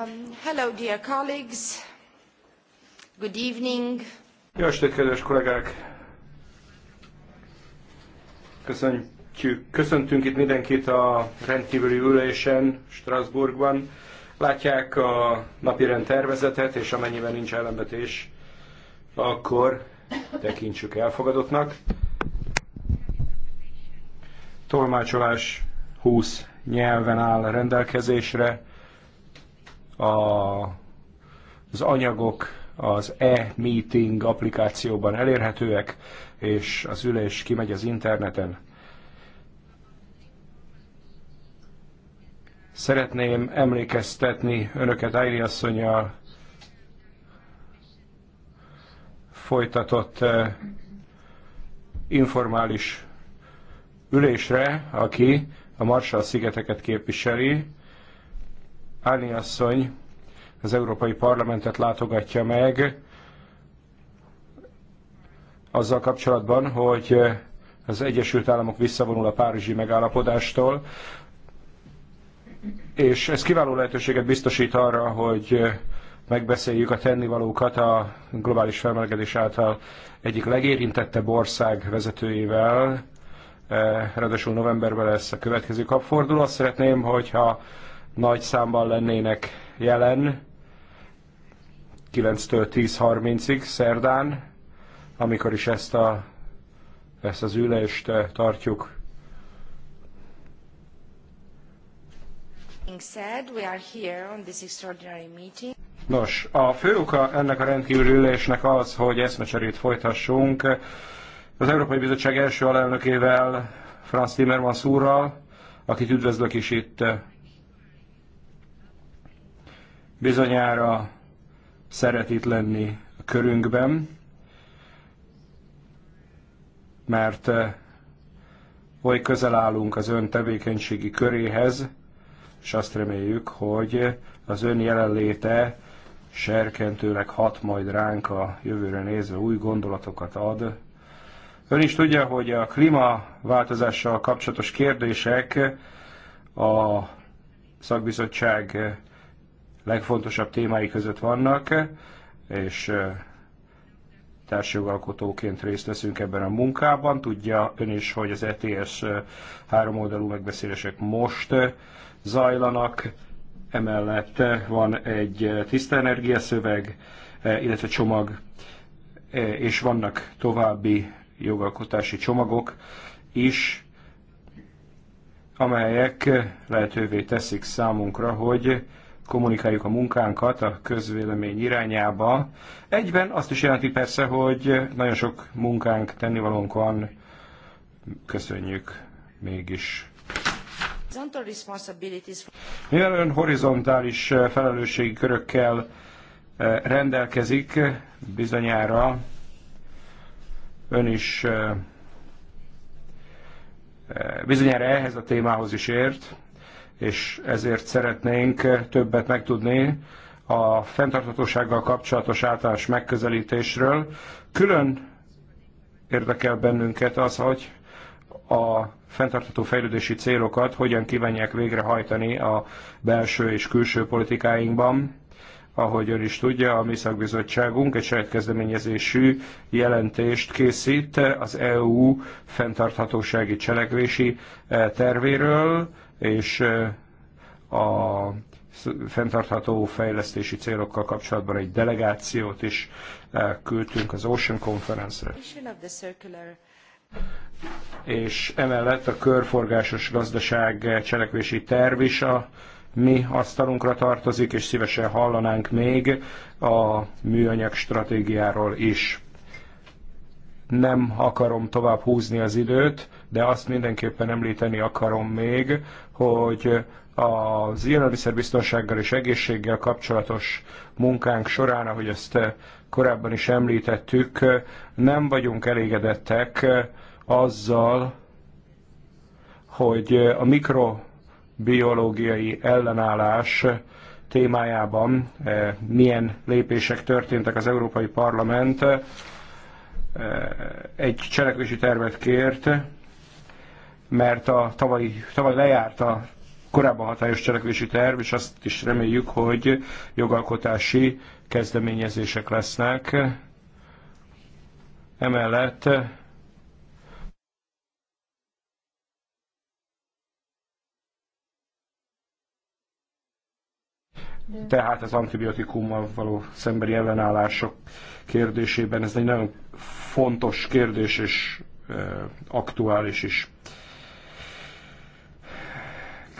Um, hello, dear colleagues. Good evening. Jó estét, kedves kollégák! Köszöntjük, köszöntünk itt mindenkit a rendkívüli ülésen Strasbourgban. Látják a napirend tervezetet, és amennyiben nincs ellenvetés, akkor tekintsük elfogadottnak. Tolmácsolás 20 nyelven áll rendelkezésre a, az anyagok az e-meeting applikációban elérhetőek, és az ülés kimegy az interneten. Szeretném emlékeztetni önöket Ayri asszonyjal folytatott eh, informális ülésre, aki a Marshall szigeteket képviseli, Állni asszony az Európai Parlamentet látogatja meg azzal kapcsolatban, hogy az Egyesült Államok visszavonul a Párizsi megállapodástól, és ez kiváló lehetőséget biztosít arra, hogy megbeszéljük a tennivalókat a globális felmelegedés által egyik legérintettebb ország vezetőjével. Ráadásul novemberben lesz a következő kapforduló. Azt szeretném, hogyha nagy számban lennének jelen, 9-től 10.30-ig szerdán, amikor is ezt, a, ezt az ülést eh, tartjuk. Nos, a fő oka ennek a rendkívüli ülésnek az, hogy eszmecserét folytassunk az Európai Bizottság első alelnökével, Franz Timmermans úrral, akit üdvözlök is itt eh, bizonyára szeret itt lenni a körünkben, mert eh, oly közel állunk az ön tevékenységi köréhez, és azt reméljük, hogy az ön jelenléte serkentőleg hat majd ránk a jövőre nézve új gondolatokat ad. Ön is tudja, hogy a klímaváltozással kapcsolatos kérdések a szakbizottság legfontosabb témái között vannak, és társjogalkotóként részt veszünk ebben a munkában. Tudja ön is, hogy az ETS három oldalú megbeszélések most zajlanak, emellett van egy tiszta energiaszöveg, illetve csomag, és vannak további jogalkotási csomagok is, amelyek lehetővé teszik számunkra, hogy kommunikáljuk a munkánkat a közvélemény irányába. Egyben azt is jelenti persze, hogy nagyon sok munkánk, tennivalónk van. Köszönjük mégis. Mivel ön horizontális felelősségi körökkel eh, rendelkezik, bizonyára ön is eh, eh, bizonyára ehhez a témához is ért és ezért szeretnénk többet megtudni a fenntarthatósággal kapcsolatos általános megközelítésről. Külön érdekel bennünket az, hogy a fenntartható fejlődési célokat hogyan kívánják végrehajtani a belső és külső politikáinkban. Ahogy ön is tudja, a mi szakbizottságunk egy saját kezdeményezésű jelentést készít az EU fenntarthatósági cselekvési eh, tervéről, és a fenntartható fejlesztési célokkal kapcsolatban egy delegációt is küldtünk az Ocean Conference-re. És emellett a körforgásos gazdaság cselekvési terv is a mi asztalunkra tartozik, és szívesen hallanánk még a műanyag stratégiáról is. Nem akarom tovább húzni az időt, de azt mindenképpen említeni akarom még, hogy az élelmiszerbiztonsággal és egészséggel kapcsolatos munkánk során, ahogy ezt korábban is említettük, nem vagyunk elégedettek azzal, hogy a mikrobiológiai ellenállás témájában eh, milyen lépések történtek az Európai Parlament eh, egy cselekvési tervet kért, mert a tavaly, tavaly lejárt a korábban hatályos cselekvési terv, és azt is reméljük, hogy jogalkotási kezdeményezések lesznek. Emellett tehát az antibiotikummal való szemberi ellenállások kérdésében ez egy nagyon fontos kérdés és aktuális is.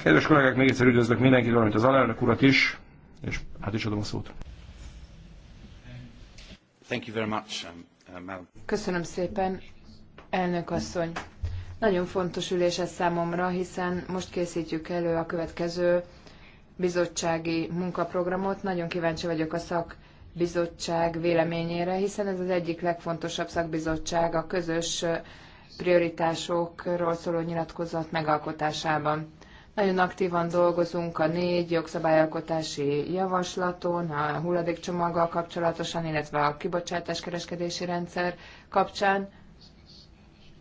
Kedves kollégák, még egyszer üdvözlök mindenkit, valamint az alelnök urat is, és hát is adom a szót. Thank you very much, um, uh, Köszönöm szépen, elnök asszony. Nagyon fontos ülés ez számomra, hiszen most készítjük elő a következő bizottsági munkaprogramot. Nagyon kíváncsi vagyok a szakbizottság véleményére, hiszen ez az egyik legfontosabb szakbizottság a közös prioritásokról szóló nyilatkozat megalkotásában. Nagyon aktívan dolgozunk a négy jogszabályalkotási javaslaton, a hulladékcsomaggal kapcsolatosan, illetve a kibocsátás kereskedési rendszer kapcsán.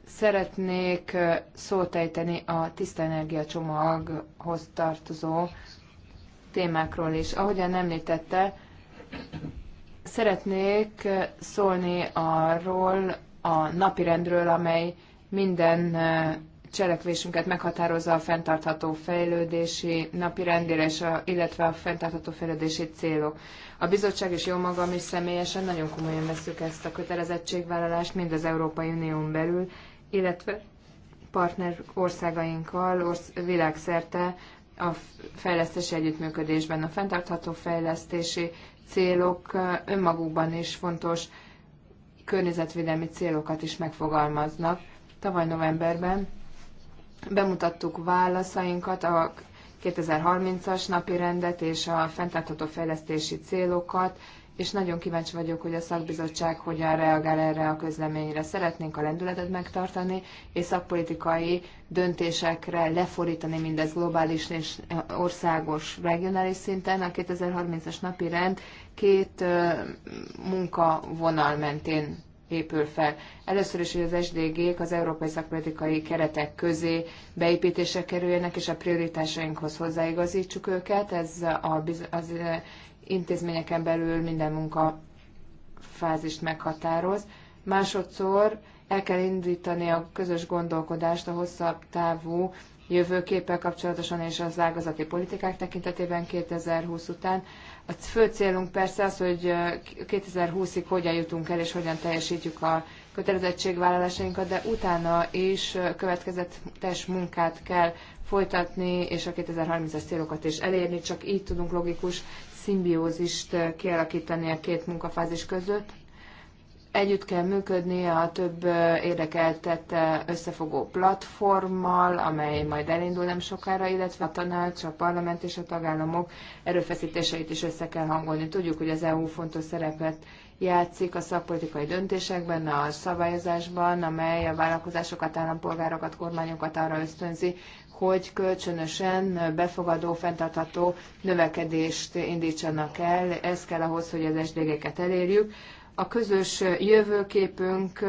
Szeretnék szót ejteni a tiszta energiacsomaghoz csomaghoz tartozó témákról is. Ahogyan említette, szeretnék szólni arról a napirendről, amely minden cselekvésünket meghatározza a fenntartható fejlődési napi rendére, illetve a fenntartható fejlődési célok. A bizottság és jó magam is személyesen nagyon komolyan veszük ezt a kötelezettségvállalást, mind az Európai Unión belül, illetve partner országainkkal orsz, világszerte a fejlesztési együttműködésben. A fenntartható fejlesztési célok önmagukban is fontos környezetvédelmi célokat is megfogalmaznak. Tavaly novemberben Bemutattuk válaszainkat a 2030-as napi rendet és a fenntartható fejlesztési célokat, és nagyon kíváncsi vagyok, hogy a szakbizottság hogyan reagál erre a közleményre. Szeretnénk a lendületet megtartani, és szakpolitikai döntésekre leforítani mindez globális és országos, regionális szinten. A 2030-as napi rend két munkavonal mentén épül fel. Először is, hogy az SDG-k az európai szakpolitikai keretek közé beépítésre kerüljenek, és a prioritásainkhoz hozzáigazítsuk őket. Ez a, az intézményeken belül minden munka fázist meghatároz. Másodszor el kell indítani a közös gondolkodást a hosszabb távú jövőképpel kapcsolatosan és az ágazati politikák tekintetében 2020 után. A fő célunk persze az, hogy 2020-ig hogyan jutunk el és hogyan teljesítjük a kötelezettségvállalásainkat, de utána is következetes munkát kell folytatni, és a 2030-as célokat is elérni, csak így tudunk logikus szimbiózist kialakítani a két munkafázis között Együtt kell működnie a több érdekeltette összefogó platformmal, amely majd elindul nem sokára, illetve a tanács, a parlament és a tagállamok erőfeszítéseit is össze kell hangolni. Tudjuk, hogy az EU fontos szerepet játszik a szakpolitikai döntésekben, a szabályozásban, amely a vállalkozásokat, állampolgárokat, kormányokat arra ösztönzi, hogy kölcsönösen befogadó, fenntartható növekedést indítsanak el. Ez kell ahhoz, hogy az SDG-ket elérjük a közös jövőképünk,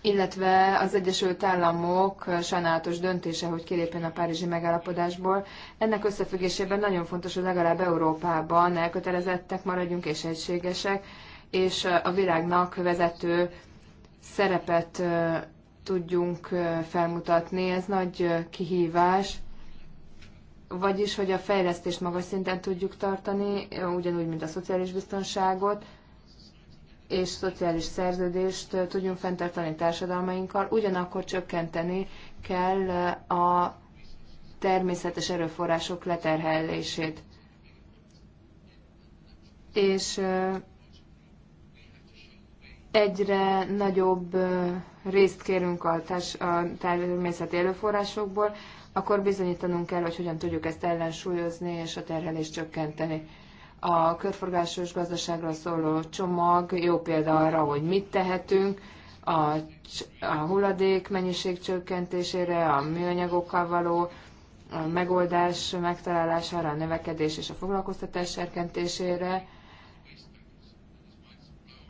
illetve az Egyesült Államok sajnálatos döntése, hogy kilépjen a Párizsi megállapodásból. Ennek összefüggésében nagyon fontos, hogy legalább Európában elkötelezettek maradjunk és egységesek, és a világnak vezető szerepet tudjunk felmutatni. Ez nagy kihívás, vagyis, hogy a fejlesztést magas szinten tudjuk tartani, ugyanúgy, mint a szociális biztonságot, és szociális szerződést tudjunk fenntartani társadalmainkkal, ugyanakkor csökkenteni kell a természetes erőforrások leterhelését. És egyre nagyobb részt kérünk a, társ, a természeti erőforrásokból, akkor bizonyítanunk kell, hogy hogyan tudjuk ezt ellensúlyozni és a terhelést csökkenteni. A körforgásos gazdaságra szóló csomag jó példa arra, hogy mit tehetünk, a, a hulladék mennyiség csökkentésére, a műanyagokkal való a megoldás megtalálására, a növekedés és a foglalkoztatás serkentésére,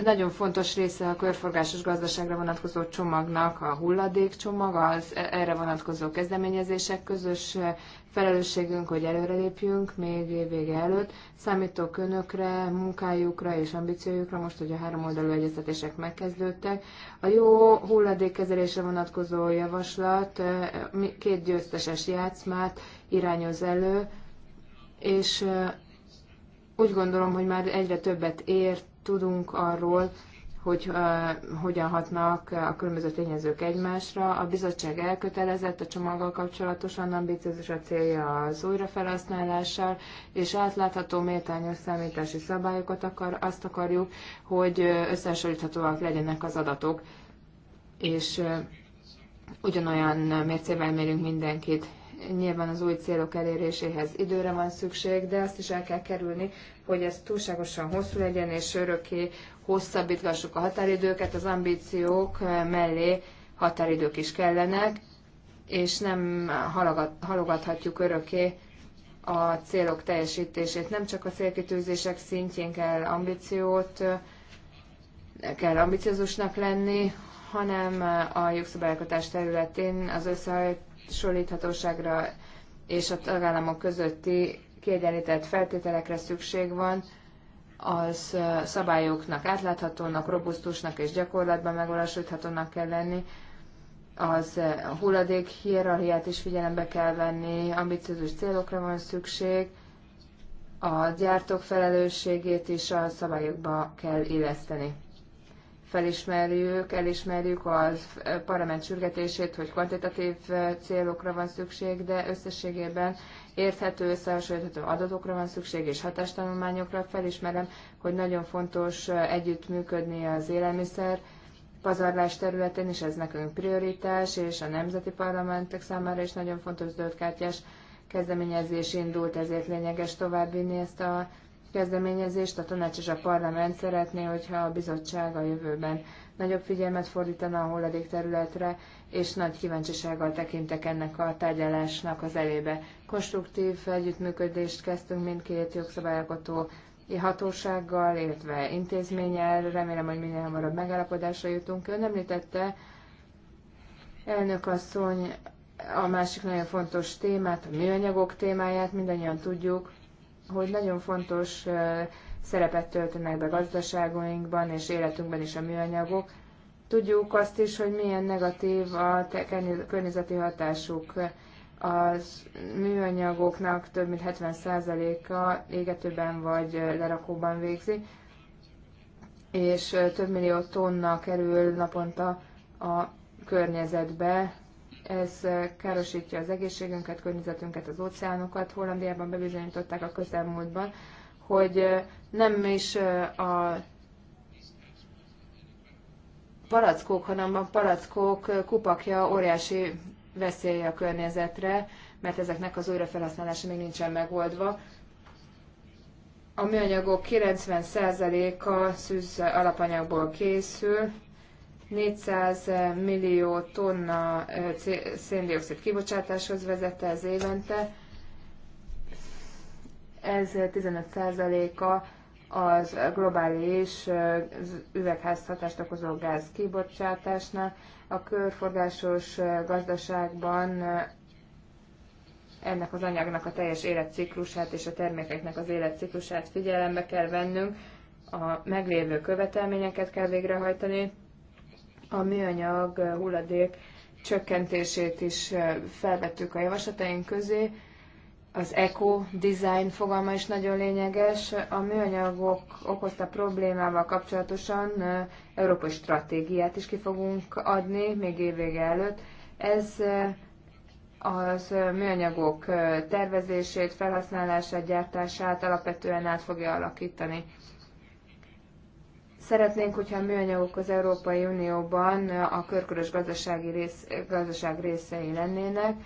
nagyon fontos része a körforgásos gazdaságra vonatkozó csomagnak a hulladékcsomag, az erre vonatkozó kezdeményezések közös felelősségünk, hogy előrelépjünk még évvége előtt. Számítok önökre, munkájukra és ambíciójukra most, hogy a három oldalú egyeztetések megkezdődtek. A jó hulladékkezelésre vonatkozó javaslat eh, két győzteses játszmát irányoz elő, és eh, úgy gondolom, hogy már egyre többet ért tudunk arról, hogy uh, hogyan hatnak a különböző tényezők egymásra. A bizottság elkötelezett a csomaggal kapcsolatosan, ambiciózus a célja az újrafelhasználással, és átlátható méltányos számítási szabályokat akar, azt akarjuk, hogy összehasonlíthatóak legyenek az adatok, és uh, ugyanolyan mércével mérünk mindenkit nyilván az új célok eléréséhez időre van szükség, de azt is el kell kerülni, hogy ez túlságosan hosszú legyen, és örökké hosszabbítgassuk a határidőket, az ambíciók mellé határidők is kellenek, és nem halogathatjuk örökké a célok teljesítését. Nem csak a célkitűzések szintjén kell ambíciót, kell ambiciózusnak lenni, hanem a jogszabályokatás területén az összehajt hasonlíthatóságra és a tagállamok közötti kiegyenlített feltételekre szükség van, az szabályoknak átláthatónak, robusztusnak és gyakorlatban megvalósíthatónak kell lenni, az hulladék hierarchiát is figyelembe kell venni, ambiciózus célokra van szükség, a gyártók felelősségét is a szabályokba kell illeszteni felismerjük, elismerjük az parlament sürgetését, hogy kvantitatív célokra van szükség, de összességében érthető, összehasonlítható adatokra van szükség, és hatástanulmányokra felismerem, hogy nagyon fontos együttműködni az élelmiszer pazarlás területén, és ez nekünk prioritás, és a nemzeti parlamentek számára is nagyon fontos zöldkártyás kezdeményezés indult, ezért lényeges továbbvinni ezt a kezdeményezést a tanács és a parlament szeretné, hogyha a bizottság a jövőben nagyobb figyelmet fordítana a hulladék területre, és nagy kíváncsisággal tekintek ennek a tárgyalásnak az elébe. Konstruktív együttműködést kezdtünk mindkét jogszabályalkotó hatósággal, illetve intézménnyel. Remélem, hogy minél hamarabb megállapodásra jutunk. Ön említette, elnök asszony, a másik nagyon fontos témát, a műanyagok témáját, mindannyian tudjuk, hogy nagyon fontos szerepet töltenek be gazdaságunkban és életünkben is a műanyagok. Tudjuk azt is, hogy milyen negatív a környezeti hatásuk. Az műanyagoknak több mint 70%-a égetőben vagy lerakóban végzi, és több millió tonna kerül naponta a környezetbe, ez károsítja az egészségünket, környezetünket, az óceánokat. Hollandiában bebizonyították a közelmúltban, hogy nem is a palackók, hanem a palackók kupakja óriási veszélye a környezetre, mert ezeknek az újrafelhasználása még nincsen megoldva. A műanyagok 90%-a szűz alapanyagból készül, 400 eh, millió tonna eh, széndiokszid kibocsátáshoz vezet ez évente. Ez 15%-a eh, az globális üvegházhatást okozó gáz kibocsátásnak. A körforgásos gazdaságban ennek az anyagnak a teljes életciklusát és a termékeknek az életciklusát figyelembe kell vennünk, a meglévő követelményeket kell végrehajtani, a műanyag hulladék csökkentését is felvettük a javaslataink közé. Az eco-design fogalma is nagyon lényeges. A műanyagok okozta problémával kapcsolatosan európai stratégiát is ki fogunk adni még évvége előtt. Ez az műanyagok tervezését, felhasználását, gyártását alapvetően át fogja alakítani. Szeretnénk, hogyha a műanyagok az Európai Unióban a körkörös gazdasági rész, gazdaság részei lennének,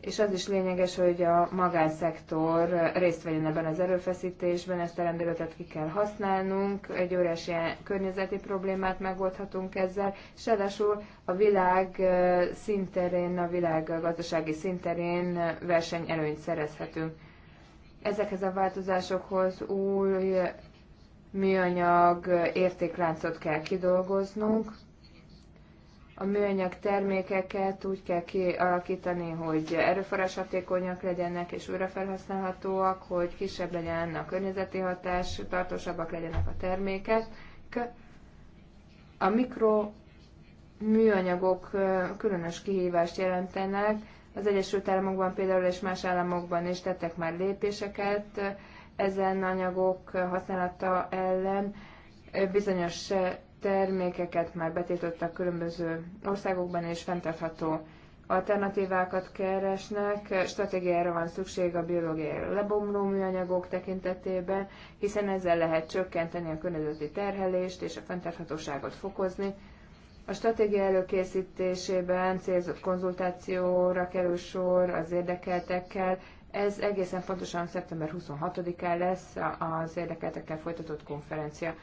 és az is lényeges, hogy a magánszektor részt vegyen ebben az erőfeszítésben, ezt a rendeletet ki kell használnunk, egy óriási környezeti problémát megoldhatunk ezzel, és ráadásul a világ szinterén, a világ gazdasági szinterén versenyelőnyt szerezhetünk. Ezekhez a változásokhoz új műanyag értékláncot kell kidolgoznunk. A műanyag termékeket úgy kell kialakítani, hogy erőforrás hatékonyak legyenek és újrafelhasználhatóak, hogy kisebb legyen a környezeti hatás, tartósabbak legyenek a termékek. A mikro műanyagok különös kihívást jelentenek. Az Egyesült Államokban például és más államokban is tettek már lépéseket, ezen anyagok használata ellen bizonyos termékeket már betiltottak különböző országokban, és fenntartható alternatívákat keresnek. Stratégiára van szükség a biológiai lebomló műanyagok tekintetében, hiszen ezzel lehet csökkenteni a környezeti terhelést és a fenntarthatóságot fokozni. A stratégia előkészítésében célzott konzultációra kerül sor az érdekeltekkel, ez egészen pontosan szeptember 26-án lesz az érdekeltekkel folytatott konferencia.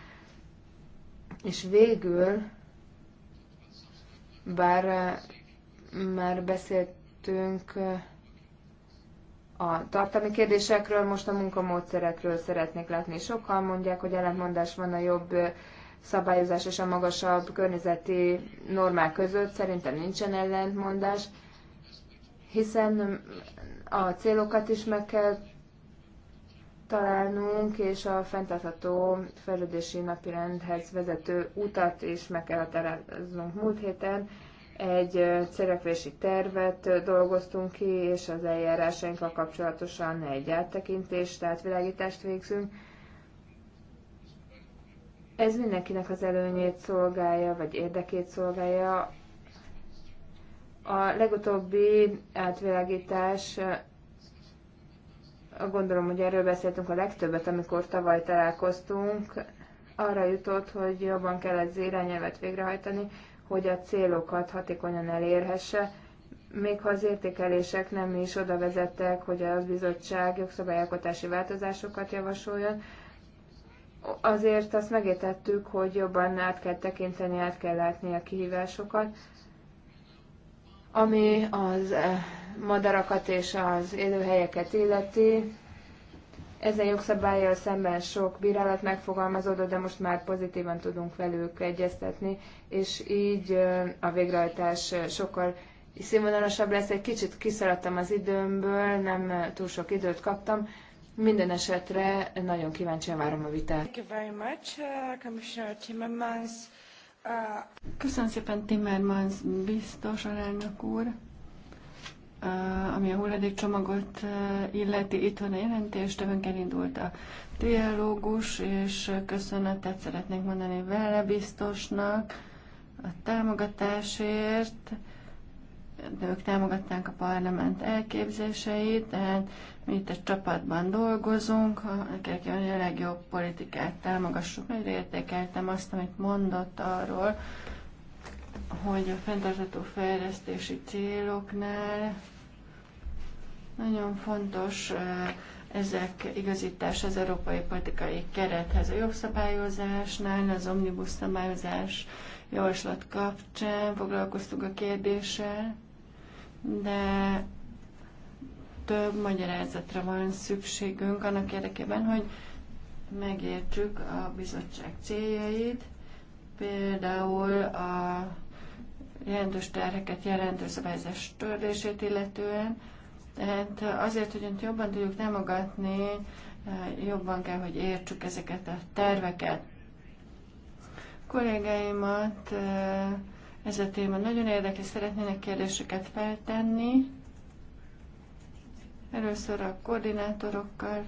És végül, bár eh, már beszéltünk eh, a tartalmi kérdésekről, most a munkamódszerekről szeretnék látni. Sokan mondják, hogy ellentmondás van a jobb eh, szabályozás és a magasabb környezeti normák között. Szerintem nincsen ellentmondás, hiszen a célokat is meg kell találnunk, és a fenntartható fejlődési napirendhez vezető utat is meg kell határoznunk múlt héten. Egy cselekvési tervet dolgoztunk ki, és az eljárásainkkal kapcsolatosan egy áttekintést, tehát világítást végzünk. Ez mindenkinek az előnyét szolgálja, vagy érdekét szolgálja, a legutóbbi átvilágítás, eh, gondolom, hogy erről beszéltünk a legtöbbet, amikor tavaly találkoztunk, arra jutott, hogy jobban kell az irányelvet végrehajtani, hogy a célokat hatékonyan elérhesse, még ha az értékelések nem is oda vezettek, hogy a bizottság jogszabályalkotási változásokat javasoljon, azért azt megértettük, hogy jobban át kell tekinteni, át kell látni a kihívásokat, ami az eh, madarakat és az élőhelyeket illeti, ezen jogszabályjal szemben sok bírálat megfogalmazódott, de most már pozitívan tudunk velük egyeztetni, és így eh, a végrehajtás eh, sokkal színvonalasabb lesz. Egy kicsit kiszaladtam az időmből, nem túl sok időt kaptam. Minden esetre nagyon kíváncsian várom a vitát. Thank you very much, uh, Köszönöm szépen Timmermans biztos alelnök úr, ami a hulladékcsomagot illeti. Itt van a jelentés, tövönk elindult a dialógus, és köszönetet szeretnék mondani vele biztosnak a támogatásért de ők támogatták a parlament elképzéseit, tehát mi itt egy csapatban dolgozunk, ha nekik a legjobb politikát támogassuk. én értékeltem azt, amit mondott arról, hogy a fenntartható fejlesztési céloknál nagyon fontos ezek igazítás az európai politikai kerethez. A jogszabályozásnál, az omnibus szabályozás javaslat kapcsán foglalkoztuk a kérdéssel de több magyarázatra van szükségünk annak érdekében, hogy megértsük a bizottság céljait, például a jelentős terheket jelentő szabályzás törlését illetően. Tehát azért, hogy önt jobban tudjuk támogatni, jobban kell, hogy értsük ezeket a terveket. A kollégáimat ez a téma nagyon érdekes, szeretnének kérdéseket feltenni. Először a koordinátorokkal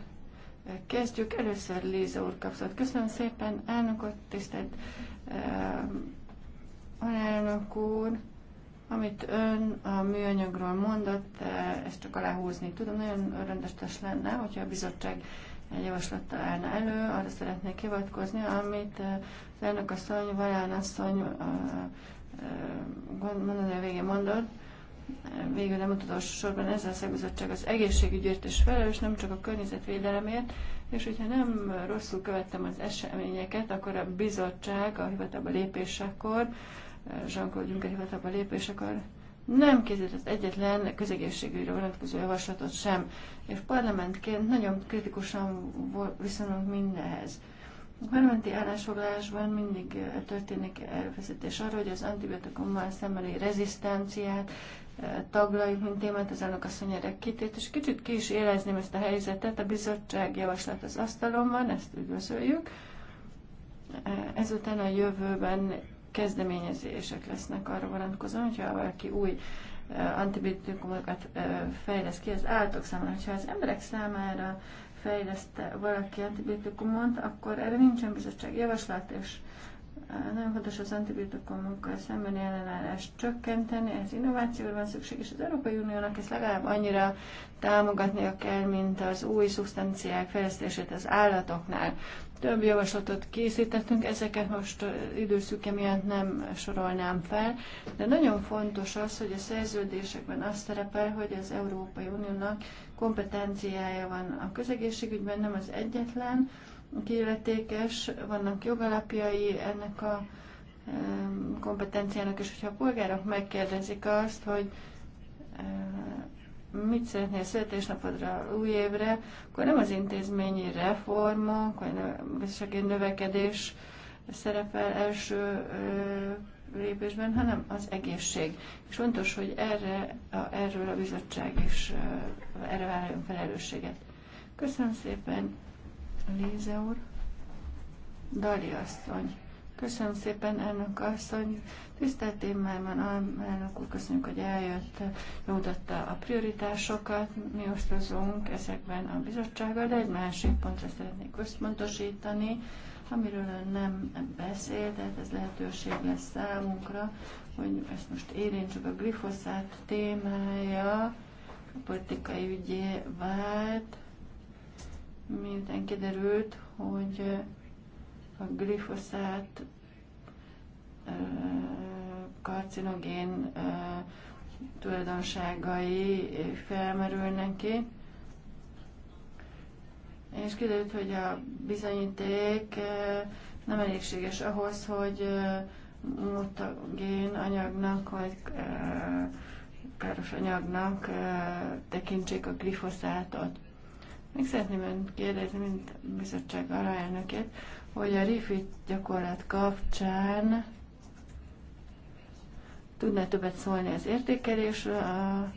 kezdjük. Először Léza úr kapszott. Köszönöm szépen, úr, tisztelt eh, alelnök úr. Amit ön a műanyagról mondott, eh, ezt csak aláhúzni tudom, nagyon örvendetes lenne, hogyha a bizottság egy javaslat állna elő, arra szeretnék hivatkozni, amit eh, az elnök asszony, Valán asszony mondani a végén mondod, végül nem utolsó sorban ezzel a szakbizottság az egészségügyért is felelős, nem csak a környezetvédelemért, és hogyha nem rosszul követtem az eseményeket, akkor a bizottság a hivatalba lépésekor, Jean-Claude Juncker hivatalba lépésekor nem készített egyetlen közegészségügyre vonatkozó javaslatot sem, és parlamentként nagyon kritikusan viszonyulunk mindenhez. A bementi állásfoglalásban mindig eh, történik erőfeszítés arra, hogy az antibiotikummal szembeni rezisztenciát eh, taglaljuk, mint témát az elnök asszony kitét, és kicsit ki is élezném ezt a helyzetet. A bizottság javaslat az asztalon van, ezt üdvözöljük. Eh, ezután a jövőben kezdeményezések lesznek arra vonatkozóan, hogyha valaki új antibiotikumokat fejlesz ki az állatok számára. hogyha az emberek számára fejleszte valaki antibiotikumot, akkor erre nincsen bizottság javaslat, és eh, nagyon fontos az antibiotikumokkal szembeni ellenállást csökkenteni, ez innovációra van szükség, és az Európai Uniónak ezt legalább annyira támogatnia kell, mint az új szubstanciák fejlesztését az állatoknál. Több javaslatot készítettünk, ezeket most időszüke miatt nem sorolnám fel, de nagyon fontos az, hogy a szerződésekben az szerepel, hogy az Európai Uniónak kompetenciája van a közegészségügyben, nem az egyetlen, kiilletékes, vannak jogalapjai ennek a kompetenciának, és hogyha a polgárok megkérdezik azt, hogy mit szeretnél születésnapodra, új évre, akkor nem az intézményi reformok, vagy a növekedés szerepel első lépésben, hanem az egészség. És fontos, hogy erre, a, erről a bizottság is erre vállaljon felelősséget. Köszönöm szépen, Léze úr. Dali asszony. Köszönöm szépen, elnök asszony. Tisztelt Timmerman, elnök úr, köszönjük, hogy eljött, nyújtotta a prioritásokat, mi osztozunk ezekben a bizottsággal, de egy másik pontra szeretnék összpontosítani, amiről ön nem beszélt, tehát ez lehetőség lesz számunkra, hogy ezt most érintsük a glifoszát témája, a politikai ügyé vált, miután kiderült, hogy a glifoszát karcinogén tulajdonságai felmerülnek ki. És kiderült, hogy a bizonyíték nem elégséges ahhoz, hogy mutagén anyagnak, vagy káros anyagnak tekintsék a glifoszátot. Még szeretném önt kérdezni, mint bizottság arra elnökét, hogy a refit gyakorlat kapcsán tudna többet szólni az a, a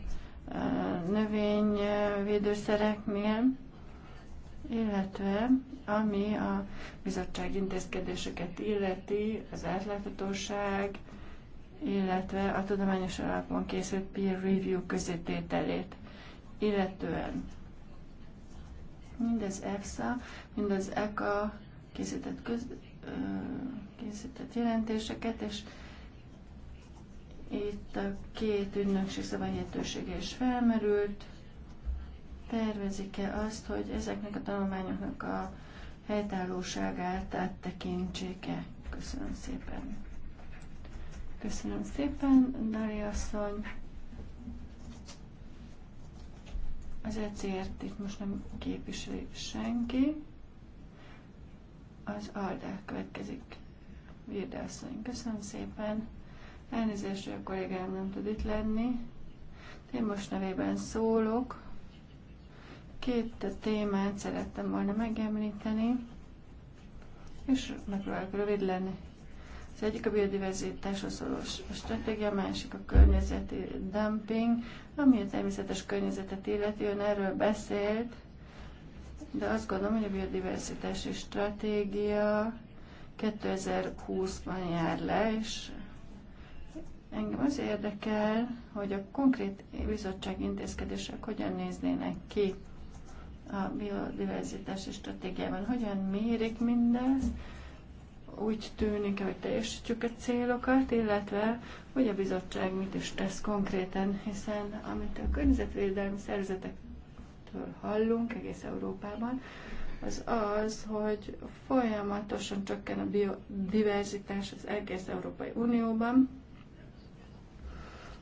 növényvédőszereknél, illetve ami a bizottság intézkedéseket illeti, az átláthatóság, illetve a tudományos alapon készült peer review közétételét, illetően mind az EFSA, mind az ECA készített, köz, készített jelentéseket, és itt a két ügynökség szabályhetősége is felmerült. Tervezik-e azt, hogy ezeknek a tanulmányoknak a helytállóságát áttekintsék-e? Köszönöm szépen. Köszönöm szépen, Dari asszony. Az ECR-t itt most nem képviseli senki az Alda következik. Virde köszönöm szépen. Elnézést, hogy a kollégám nem tud itt lenni. Én most nevében szólok. Két témát szerettem volna megemlíteni, és megpróbálok rövid lenni. Az egyik a biodiverzitáshoz szóló stratégia, a másik a környezeti dumping, ami a természetes környezetet illeti, ön erről beszélt, de azt gondolom, hogy a biodiversitási stratégia 2020-ban jár le, és engem az érdekel, hogy a konkrét bizottság intézkedések hogyan néznének ki a biodiverzitási stratégiában, hogyan mérik mindez, úgy tűnik, hogy teljesítjük a célokat, illetve hogy a bizottság mit is tesz konkrétan, hiszen amit a környezetvédelmi szervezetek amikről hallunk egész Európában, az az, hogy folyamatosan csökken a biodiverzitás az egész Európai Unióban.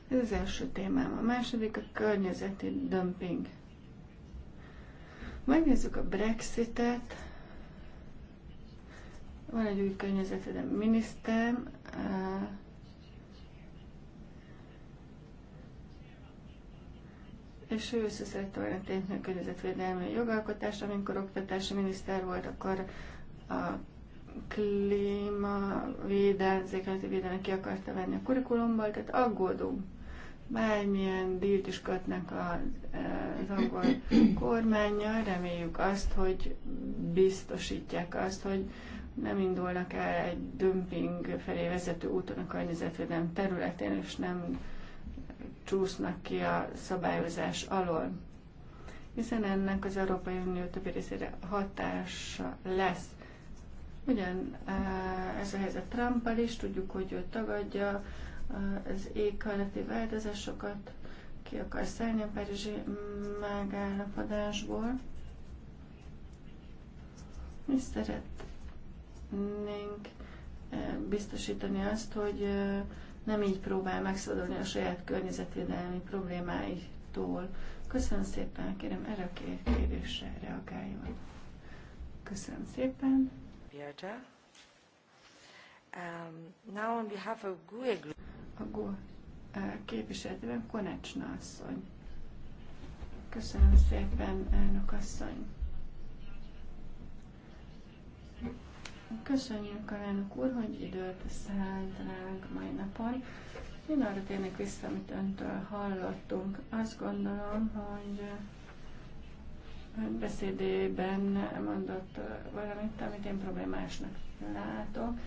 Ez az első témám. A második a környezeti dömping. Megnézzük a Brexitet. Van egy új környezetvédelmi miniszter, és ő összeszedte olyan tényt, a környezetvédelmi jogalkotás, amikor oktatási miniszter volt, akkor a klímavédelmi, székeleti védelmi ki akarta venni a kurikulumból, tehát aggódunk. Bármilyen dílt is kötnek az angol kormányjal, reméljük azt, hogy biztosítják azt, hogy nem indulnak el egy dömping felé vezető úton a környezetvédelem területén, és nem csúsznak ki a szabályozás alól, hiszen ennek az Európai Unió többi részére hatása lesz. Ugyan e, ez a helyzet trump is, tudjuk, hogy ő tagadja e, az éghajlati változásokat, ki akar szállni a párizsi megállapodásból. Mi szeretnénk e, biztosítani azt, hogy nem így próbál megszabadulni a saját környezetvédelmi problémáitól. Köszönöm szépen, kérem erre a kérdésre reagáljon. Köszönöm szépen. Biaja. Um, now on behalf of GUE Group. A GUE uh, képviseletében Konecsna asszony. Köszönöm szépen, elnök asszony. Köszönjük a elnök úr, hogy időt szállt ránk mai napon. Én arra térnék vissza, amit öntől hallottunk. Azt gondolom, hogy beszédében mondott valamit, amit én problémásnak látok.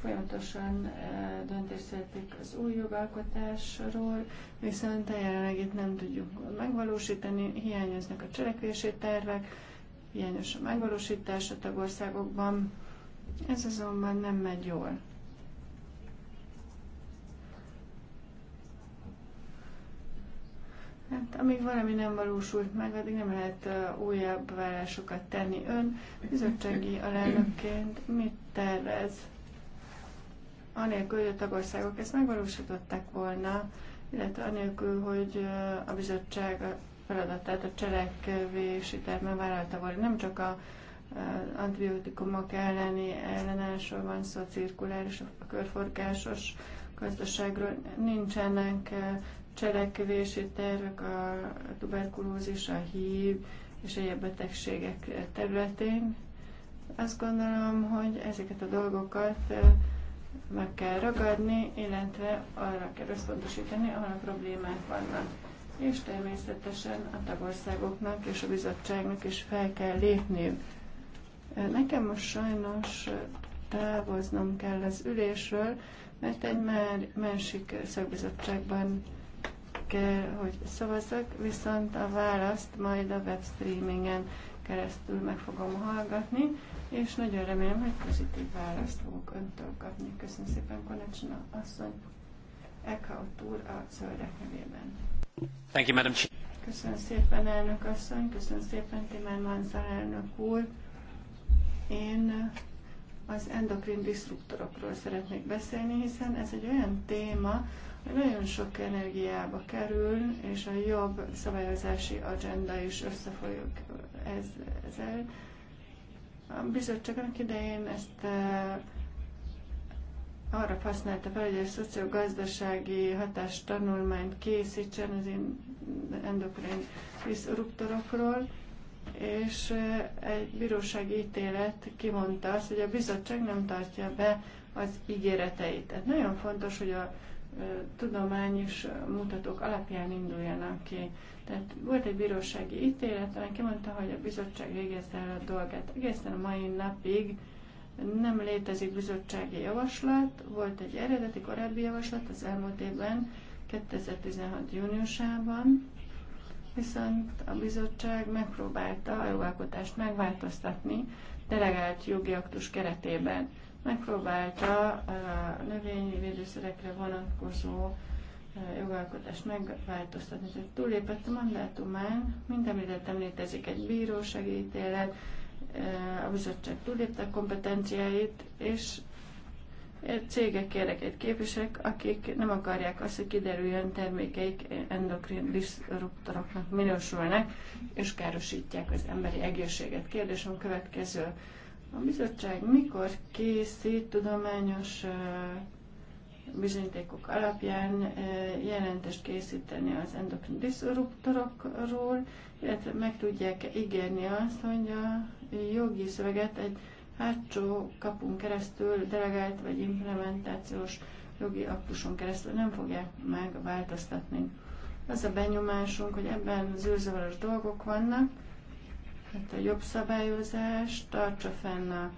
Folyamatosan eh, döntés születik az új jogalkotásról, viszont a jelenleg itt nem tudjuk megvalósítani, hiányoznak a cselekvési tervek, hiányos a megvalósítás a tagországokban ez azonban nem megy jól. Hát, amíg valami nem valósult meg, addig nem lehet uh, újabb vállásokat tenni. Ön bizottsági alelnökként mit tervez? Anélkül, hogy a tagországok ezt megvalósították volna, illetve anélkül, hogy uh, a bizottság feladatát a cselekvési termen vállalta volna. Nem csak a Eh, antibiotikumok elleni ellenállásról van szó, a cirkuláris, a körforgásos gazdaságról. Nincsenek eh, cselekvési tervek a tuberkulózis, a hív és egyéb betegségek területén. Azt gondolom, hogy ezeket a dolgokat eh, meg kell ragadni, illetve arra kell összpontosítani, ahol a problémák vannak. És természetesen a tagországoknak és a bizottságnak is fel kell lépniük. Nekem most sajnos távoznom kell az ülésről, mert egy már másik szakbizottságban kell, hogy szavazzak, viszont a választ majd a webstreamingen keresztül meg fogom hallgatni, és nagyon remélem, hogy pozitív választ fogok öntől kapni. Köszönöm szépen, Konecsina asszony. Eckhout úr a zöldek nevében. Thank you, Madam Köszönöm szépen, elnök asszony, köszönöm szépen, Timán Manzal elnök úr. Én eh, az endokrin disruptorokról szeretnék beszélni, hiszen ez egy olyan téma, hogy nagyon sok energiába kerül, és a jobb szabályozási agenda is összefolyik ezzel. A bizottságnak idején ezt eh, arra használta fel, hogy egy szociogazdasági hatástanulmányt készítsen az endokrin disruptorokról és egy bírósági ítélet kimondta azt, hogy a bizottság nem tartja be az ígéreteit. Tehát nagyon fontos, hogy a tudományos mutatók alapján induljanak ki. Tehát volt egy bírósági ítélet, amely kimondta, hogy a bizottság végezte el a dolgát. Egészen a mai napig nem létezik bizottsági javaslat, volt egy eredeti korábbi javaslat az elmúlt évben, 2016. júniusában, viszont a bizottság megpróbálta a jogalkotást megváltoztatni delegált jogi aktus keretében. Megpróbálta a növényi védőszerekre vonatkozó jogalkotást megváltoztatni. Tehát túllépett a mandátumán, mint említettem, létezik egy bírósági segítélet, a bizottság túllépte a kompetenciáit, és cégek érdekeit képvisek, akik nem akarják azt, hogy kiderüljön termékeik endokrin diszruptoroknak minősülnek, és károsítják az emberi egészséget. Kérdésem következő. A bizottság mikor készít tudományos bizonyítékok alapján jelentést készíteni az endokrin diszruptorokról, illetve meg tudják -e ígérni azt, hogy a jogi szöveget egy hátsó kapun keresztül, delegált vagy implementációs jogi aktuson keresztül nem fogják megváltoztatni. Az a benyomásunk, hogy ebben zűrzavaros dolgok vannak, hát a jobb szabályozás tartsa fenn a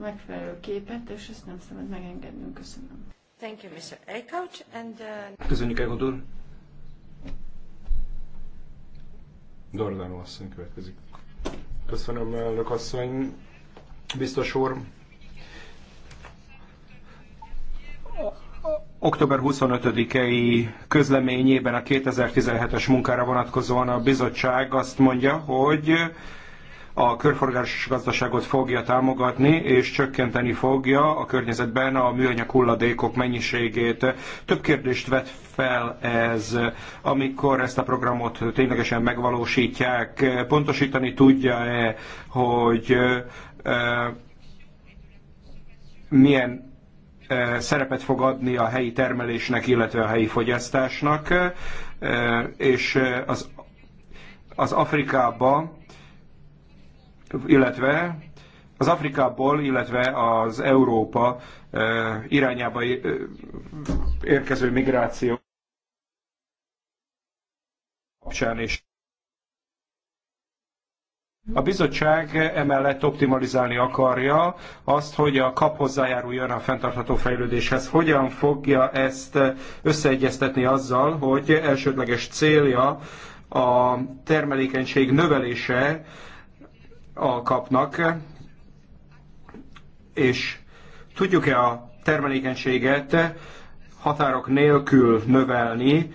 megfelelő képet, és ezt nem szabad megengednünk. Köszönöm. Thank you, Mr. Eichhout, and, uh... Köszönjük, Eichhout úr. Dorgano asszony következik. Köszönöm, elnök asszony biztos úr. Október 25-i közleményében a 2017-es munkára vonatkozóan a bizottság azt mondja, hogy a körforgásos gazdaságot fogja támogatni, és csökkenteni fogja a környezetben a műanyag hulladékok mennyiségét. Több kérdést vet fel ez, amikor ezt a programot ténylegesen megvalósítják. Pontosítani tudja-e, hogy milyen szerepet fog adni a helyi termelésnek, illetve a helyi fogyasztásnak, és az, az Afrikába, illetve az Afrikából, illetve az Európa irányába érkező migráció kapcsán is. A bizottság emellett optimalizálni akarja azt, hogy a kap hozzájáruljon a fenntartható fejlődéshez. Hogyan fogja ezt összeegyeztetni azzal, hogy elsődleges célja a termelékenység növelése a kapnak, és tudjuk-e a termelékenységet határok nélkül növelni,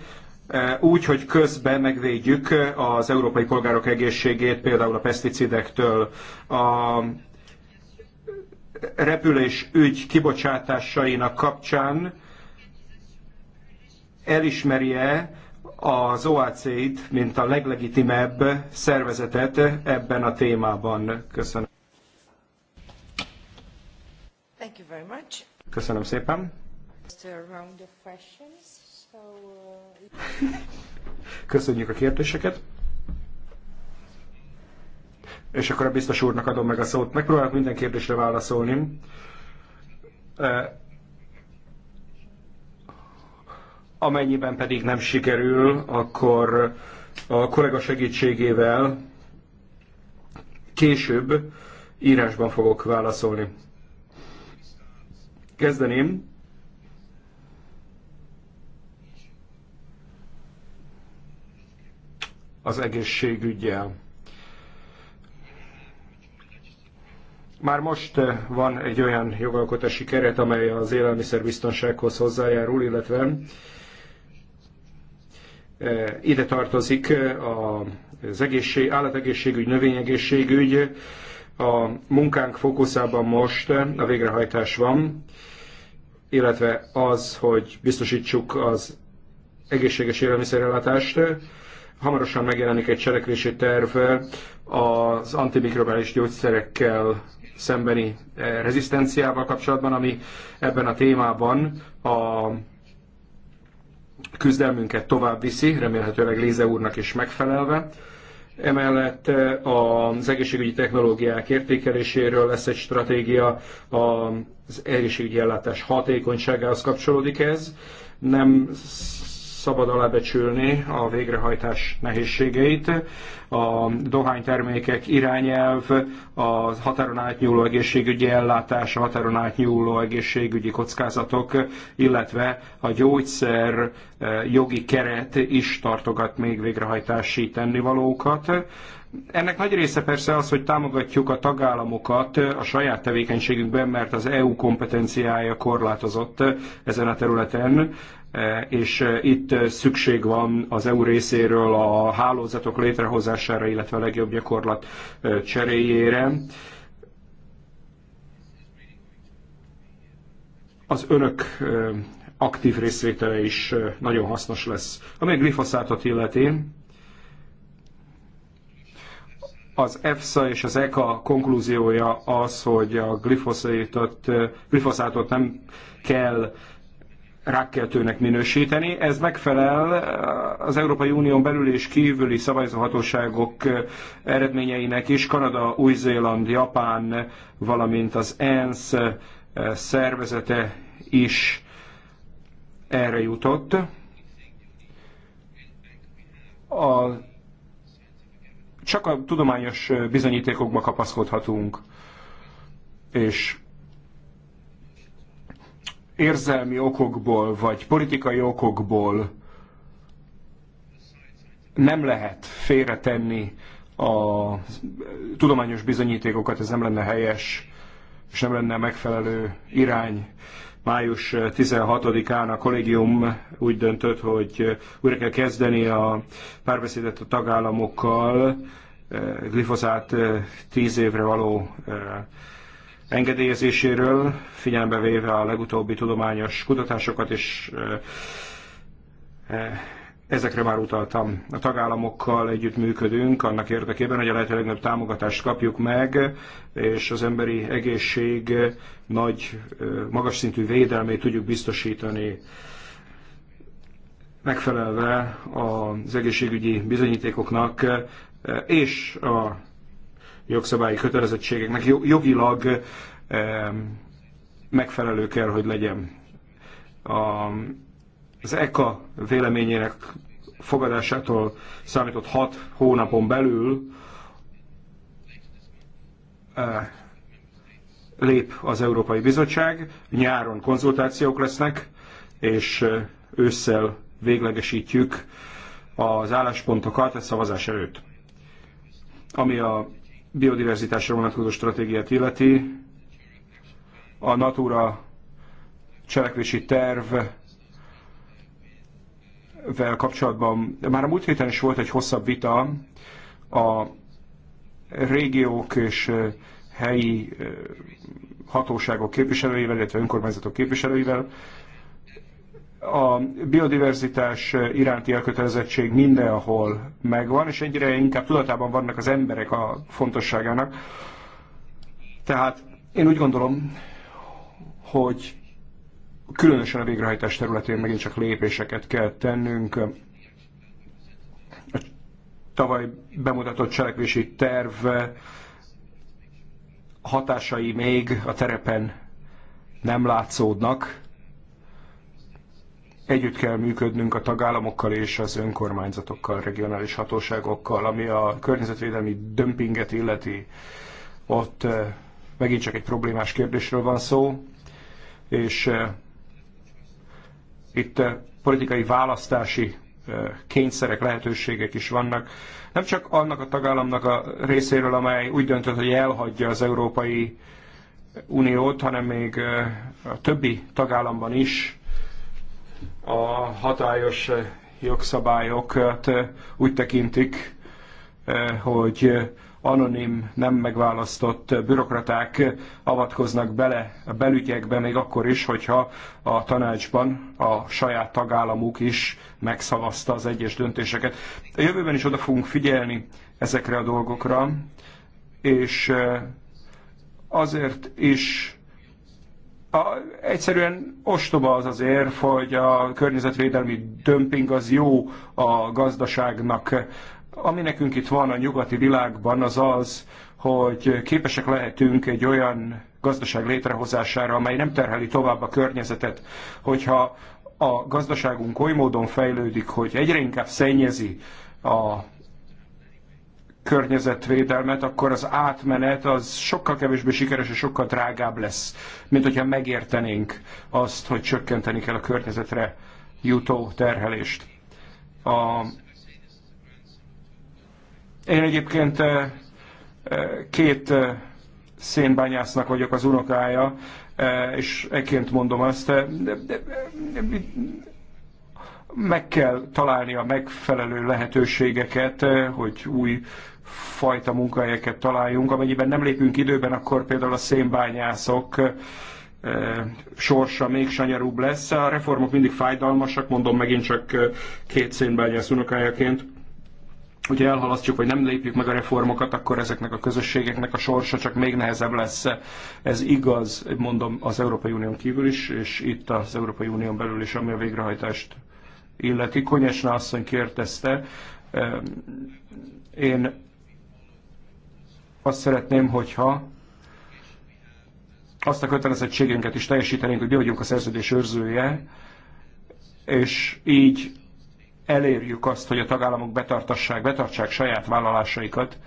E, úgy, hogy közben megvédjük e, az európai polgárok egészségét, például a peszticidektől, a repülés ügy kibocsátásainak kapcsán elismerje az OAC-t, mint a leglegitimebb szervezetet ebben a témában. Köszönöm. Köszönöm szépen. Köszönjük a kérdéseket. És akkor a biztos úrnak adom meg a szót. Megpróbálok minden kérdésre válaszolni. Amennyiben pedig nem sikerül, akkor a kollega segítségével később írásban fogok válaszolni. Kezdeném az egészségügyel. Már most eh, van egy olyan jogalkotási keret, amely az élelmiszerbiztonsághoz hozzájárul, illetve eh, ide tartozik eh, az egészség, állategészségügy, növényegészségügy. A munkánk fókuszában most a végrehajtás van, illetve az, hogy biztosítsuk az egészséges élelmiszerellátást, Hamarosan megjelenik egy cselekvési terv az antimikrobális gyógyszerekkel szembeni eh, rezisztenciával kapcsolatban, ami ebben a témában a küzdelmünket tovább viszi, remélhetőleg Léze úrnak is megfelelve. Emellett eh, az egészségügyi technológiák értékeléséről lesz egy stratégia, az egészségügyi ellátás hatékonyságához kapcsolódik ez. Nem szabad alábecsülni a végrehajtás nehézségeit. A dohánytermékek irányelv, a határon átnyúló egészségügyi ellátás, a határon átnyúló egészségügyi kockázatok, illetve a gyógyszer eh, jogi keret is tartogat még végrehajtási tennivalókat. Ennek nagy része persze az, hogy támogatjuk a tagállamokat a saját tevékenységükben, mert az EU kompetenciája korlátozott ezen a területen. E, és e, itt e, szükség van az EU részéről a hálózatok létrehozására, illetve a legjobb gyakorlat cseréjére. Az önök aktív részvétele is nagyon hasznos lesz. Ami a glifoszátot illeti, az EFSA és az ECA konklúziója az, hogy a glifoszátot, glifoszátot nem kell rákkeltőnek minősíteni. Ez megfelel eh, az Európai Unión belül és kívüli szabályozhatóságok eh, eredményeinek is. Kanada, Új-Zéland, Japán, valamint az ENSZ eh, szervezete is erre jutott. A, csak a tudományos bizonyítékokba kapaszkodhatunk, és érzelmi okokból, vagy politikai okokból nem lehet félretenni a tudományos bizonyítékokat, ez nem lenne helyes, és nem lenne megfelelő irány. Május 16-án a kollégium úgy döntött, hogy újra kell kezdeni a párbeszédet a tagállamokkal, glifozát 10 évre való engedélyezéséről, figyelembe véve a legutóbbi tudományos kutatásokat, és ezekre már utaltam. A tagállamokkal együtt működünk annak érdekében, hogy a lehető legnagyobb támogatást kapjuk meg, és az emberi egészség nagy, magas szintű védelmét tudjuk biztosítani megfelelve az egészségügyi bizonyítékoknak és a jogszabályi kötelezettségeknek jogilag megfelelő kell, hogy legyen. Az ECA véleményének fogadásától számított hat hónapon belül e, lép az Európai Bizottság, nyáron konzultációk lesznek, és e, ősszel véglegesítjük az álláspontokat a szavazás előtt. Ami a biodiverzitásra vonatkozó stratégiát illeti, a Natura cselekvési terv vel kapcsolatban már a múlt héten is volt egy hosszabb vita a régiók és helyi eh, hatóságok képviselőivel, illetve önkormányzatok képviselőivel, a biodiverzitás iránti elkötelezettség mindenhol megvan, és egyre inkább tudatában vannak az emberek a fontosságának. Tehát én úgy gondolom, hogy különösen a végrehajtás területén megint csak lépéseket kell tennünk. A tavaly bemutatott cselekvési terv hatásai még a terepen nem látszódnak, együtt kell működnünk a tagállamokkal és az önkormányzatokkal, regionális hatóságokkal, ami a környezetvédelmi dömpinget illeti. Ott eh, megint csak egy problémás kérdésről van szó, és eh, itt eh, politikai választási kényszerek, lehetőségek is vannak. Nem csak annak a tagállamnak a részéről, amely úgy döntött, hogy elhagyja az Európai Uniót, hanem még a többi tagállamban is a hatályos eh, jogszabályokat eh, úgy tekintik, eh, hogy anonim, nem megválasztott bürokraták avatkoznak bele a belügyekbe, még akkor is, hogyha a tanácsban a saját tagállamuk is megszavazta az egyes döntéseket. A jövőben is oda fogunk figyelni ezekre a dolgokra, és azért is a, egyszerűen ostoba az az érv, hogy a környezetvédelmi dömping az jó a gazdaságnak. Ami nekünk itt van a nyugati világban, az az, hogy képesek lehetünk egy olyan gazdaság létrehozására, amely nem terheli tovább a környezetet, hogyha a gazdaságunk oly módon fejlődik, hogy egyre inkább szennyezi a környezetvédelmet, akkor az átmenet az sokkal kevésbé sikeres és sokkal drágább lesz, mint hogyha megértenénk azt, hogy csökkenteni kell a környezetre jutó terhelést. A... Én egyébként eh, eh, két eh, szénbányásznak vagyok az unokája, és ekként mondom azt, meg kell találni a megfelelő lehetőségeket, hogy új fajta munkahelyeket találjunk. Amennyiben nem lépünk időben, akkor például a szénbányászok sorsa még sanyarúbb lesz. A reformok mindig fájdalmasak, mondom megint csak két szénbányász unokájaként. Hogyha elhalasztjuk, vagy nem lépjük meg a reformokat, akkor ezeknek a közösségeknek a sorsa csak még nehezebb lesz. Ez igaz, mondom, az Európai Unión kívül is, és itt az Európai Unión belül is, ami a végrehajtást illeti. Konyesna asszony kérdezte, én azt szeretném, hogyha azt a kötelezettségünket is teljesítenénk, hogy mi vagyunk a szerződés őrzője, és így elérjük azt, hogy a tagállamok betartassák, betartsák saját vállalásaikat.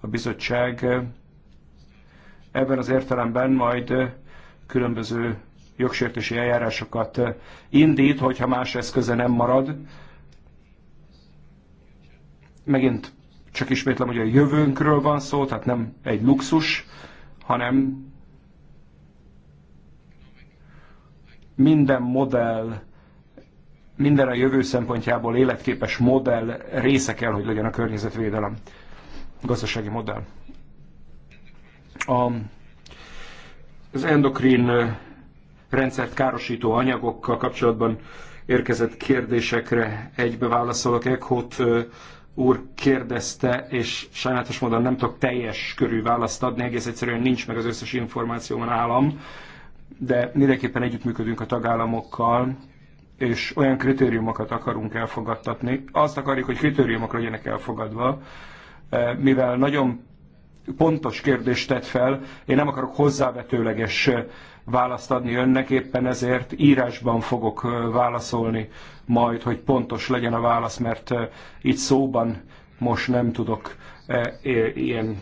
A bizottság ebben az értelemben majd különböző jogsértési eljárásokat indít, hogyha más eszköze nem marad. Megint csak ismétlem, hogy a jövőnkről van szó, tehát nem egy luxus, hanem minden modell, minden a jövő szempontjából életképes modell része kell, hogy legyen a környezetvédelem, a gazdasági modell. A, az endokrin rendszert károsító anyagokkal kapcsolatban érkezett kérdésekre egybe válaszolok. Eckhout úr kérdezte, és sajnálatos módon nem tudok teljes körű választ adni, egész egyszerűen nincs meg az összes információ nálam, de mindenképpen együttműködünk a tagállamokkal, és olyan kritériumokat akarunk elfogadtatni. Azt akarjuk, hogy kritériumok legyenek elfogadva, eh, mivel nagyon pontos kérdést tett fel, én nem akarok hozzávetőleges eh, választ adni önnek, éppen ezért írásban fogok válaszolni majd, hogy pontos legyen a válasz, mert itt szóban most nem tudok ilyen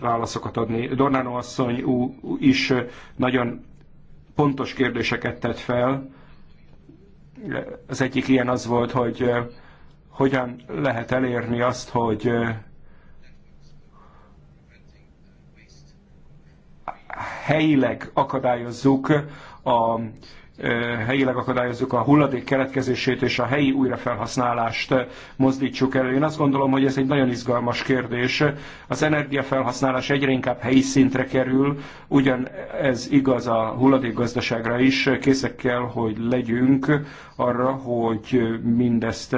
válaszokat adni. Dornánó asszony is nagyon pontos kérdéseket tett fel. Az egyik ilyen az volt, hogy hogyan lehet elérni azt, hogy helyileg akadályozzuk a helyileg akadályozzuk a hulladék keletkezését és a helyi újrafelhasználást mozdítsuk elő. Én azt gondolom, hogy ez egy nagyon izgalmas kérdés. Az energiafelhasználás egyre inkább helyi szintre kerül, ugyan ez igaz a hulladékgazdaságra is. Készek kell, hogy legyünk arra, hogy mindezt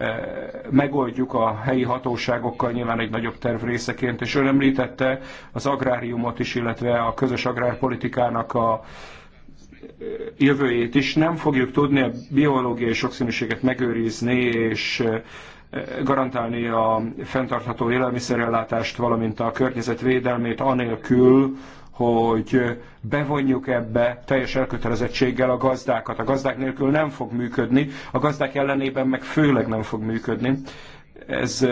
Eh, megoldjuk a helyi hatóságokkal, nyilván egy nagyobb terv részeként, és ön említette az agráriumot is, illetve a közös agrárpolitikának a eh, jövőjét is. Nem fogjuk tudni a biológiai sokszínűséget megőrizni, és eh, garantálni a fenntartható élelmiszerellátást, valamint a védelmét anélkül, hogy bevonjuk ebbe teljes elkötelezettséggel a gazdákat. A gazdák nélkül nem fog működni, a gazdák ellenében meg főleg nem fog működni. Ez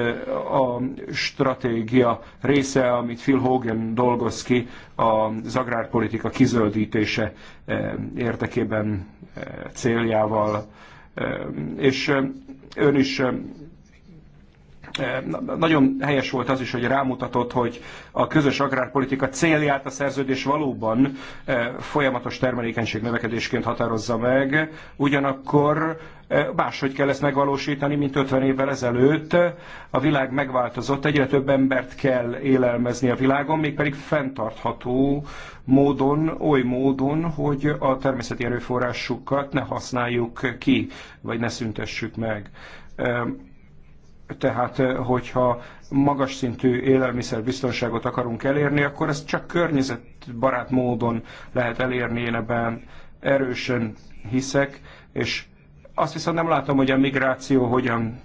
a stratégia része, amit Phil Hogan dolgoz ki az agrárpolitika kizöldítése érdekében, céljával. És ön is nagyon helyes volt az is, hogy rámutatott, hogy a közös agrárpolitika célját a szerződés valóban folyamatos termelékenység növekedésként határozza meg, ugyanakkor máshogy kell ezt megvalósítani, mint 50 évvel ezelőtt. A világ megváltozott, egyre több embert kell élelmezni a világon, mégpedig fenntartható módon, oly módon, hogy a természeti erőforrásukat ne használjuk ki, vagy ne szüntessük meg. Tehát, eh, hogyha magas szintű élelmiszerbiztonságot akarunk elérni, akkor ezt csak környezetbarát módon lehet elérni, én ebben erősen hiszek, és azt viszont nem látom, hogy a migráció hogyan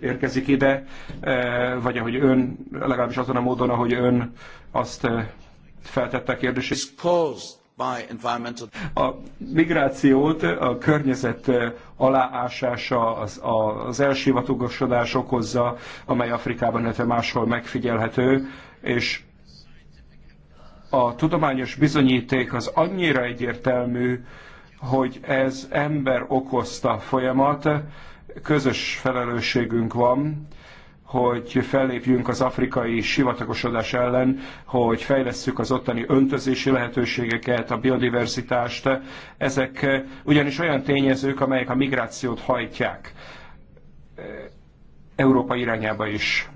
érkezik ide, eh, vagy ahogy ön, legalábbis azon a módon, ahogy ön azt eh, feltette a kérdését. A migrációt a környezet aláásása az, az elsivatagosodás okozza, amely Afrikában, illetve máshol megfigyelhető, és a tudományos bizonyíték az annyira egyértelmű, hogy ez ember okozta folyamat, közös felelősségünk van, hogy fellépjünk az afrikai sivatagosodás ellen, hogy fejlesszük az ottani öntözési lehetőségeket, a biodiverzitást. Ezek ugyanis olyan tényezők, amelyek a migrációt hajtják eh, Európa irányába is.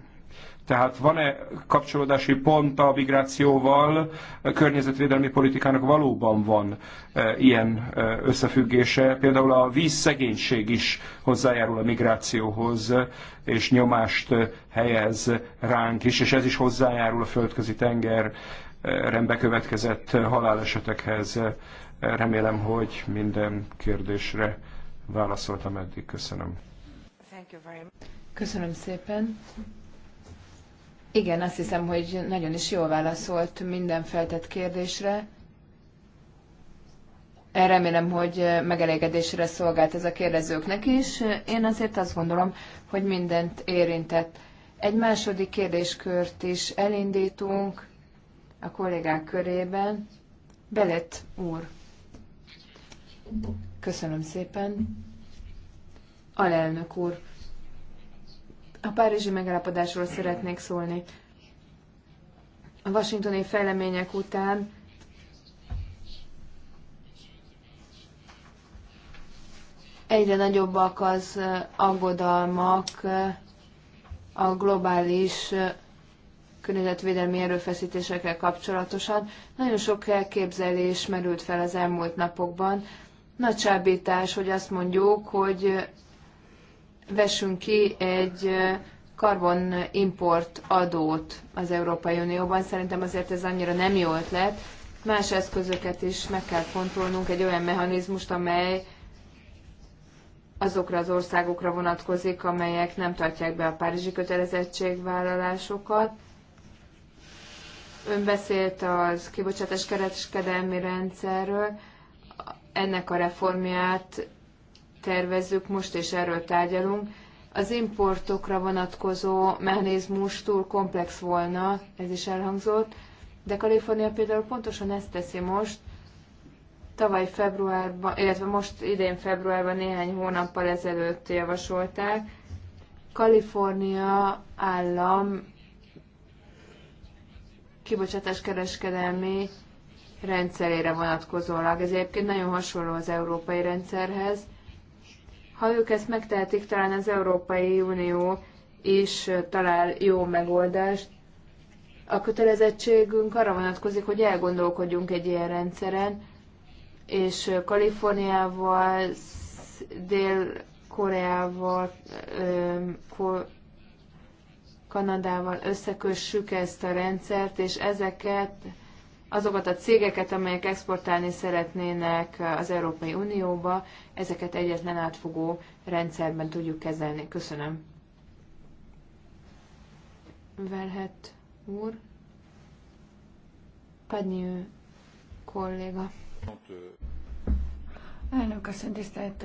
Tehát van-e kapcsolódási pont a migrációval, a környezetvédelmi politikának valóban van e, ilyen e, összefüggése. Például a vízszegénység is hozzájárul a migrációhoz, és nyomást e, helyez ránk is, és ez is hozzájárul a földközi tenger rendbe következett halálesetekhez. Remélem, hogy minden kérdésre válaszoltam eddig. Köszönöm. Köszönöm szépen. Igen, azt hiszem, hogy nagyon is jól válaszolt minden feltett kérdésre. Remélem, hogy megelégedésre szolgált ez a kérdezőknek is. Én azért azt gondolom, hogy mindent érintett. Egy második kérdéskört is elindítunk a kollégák körében. Belet úr. Köszönöm szépen. Alelnök úr. A párizsi megállapodásról szeretnék szólni. A washingtoni fejlemények után egyre nagyobbak az aggodalmak a globális környezetvédelmi erőfeszítésekkel kapcsolatosan. Nagyon sok elképzelés merült fel az elmúlt napokban. Nagy csábítás, hogy azt mondjuk, hogy vessünk ki egy karbon import adót az Európai Unióban. Szerintem azért ez annyira nem jó ötlet. Más eszközöket is meg kell fontolnunk, egy olyan mechanizmust, amely azokra az országokra vonatkozik, amelyek nem tartják be a párizsi kötelezettségvállalásokat. Ön beszélt az kibocsátás kereskedelmi rendszerről, ennek a reformját tervezzük most, és erről tárgyalunk. Az importokra vonatkozó mechanizmus túl komplex volna, ez is elhangzott, de Kalifornia például pontosan ezt teszi most. Tavaly februárban, illetve most idén februárban néhány hónappal ezelőtt javasolták. Kalifornia állam kibocsátás kereskedelmi rendszerére vonatkozólag. Ez egyébként nagyon hasonló az európai rendszerhez. Ha ők ezt megtehetik, talán az Európai Unió is talál jó megoldást. A kötelezettségünk arra vonatkozik, hogy elgondolkodjunk egy ilyen rendszeren, és Kaliforniával, Dél-Koreával, Kanadával összekössük ezt a rendszert, és ezeket azokat a cégeket, amelyek exportálni szeretnének az Európai Unióba, ezeket egyetlen átfogó rendszerben tudjuk kezelni. Köszönöm. Verhet úr. Padnyő kolléga. Elnök, köszönöm, tisztelt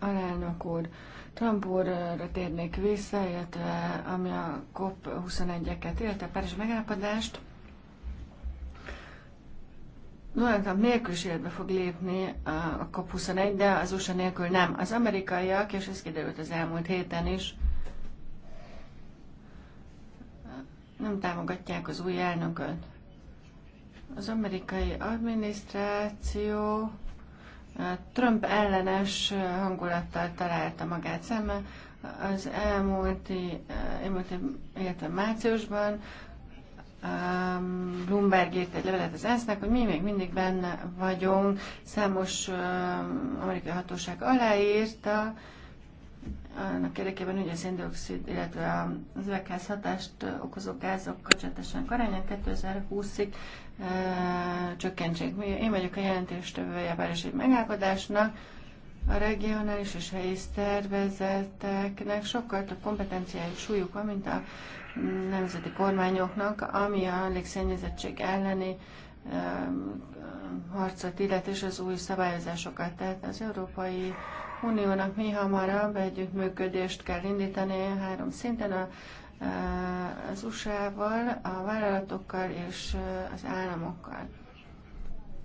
alelnök úr. Trump úrra térnék vissza, illetve ami a COP21-eket, illetve a Párizs megállapodást. Donald nélkül is életbe fog lépni a COP21, de az USA nélkül nem. Az amerikaiak, és ez kiderült az elmúlt héten is, nem támogatják az új elnököt. Az amerikai adminisztráció Trump ellenes hangulattal találta magát szembe. Az elmúlt, eh, elmúlt eh, illetve márciusban eh, Bloomberg írt egy levelet az ENSZ-nek, hogy mi még mindig benne vagyunk, számos amerikai hatóság aláírta, annak érdekében, hogy a széndiokszid, illetve az üvegház hatást okozó gázok kacsátásán karányán 2020-ig e, csökkentsék. Én vagyok a jelentéstevője a Párizsi megállapodásnak, a regionális és helyi szervezeteknek sokkal több kompetenciájuk súlyuk van, mint a nemzeti kormányoknak, ami a légszennyezettség elleni harcot illet és az új szabályozásokat. Tehát az Európai Uniónak mi hamarabb együttműködést kell indítani három szinten, a, az USA-val, a vállalatokkal és az államokkal.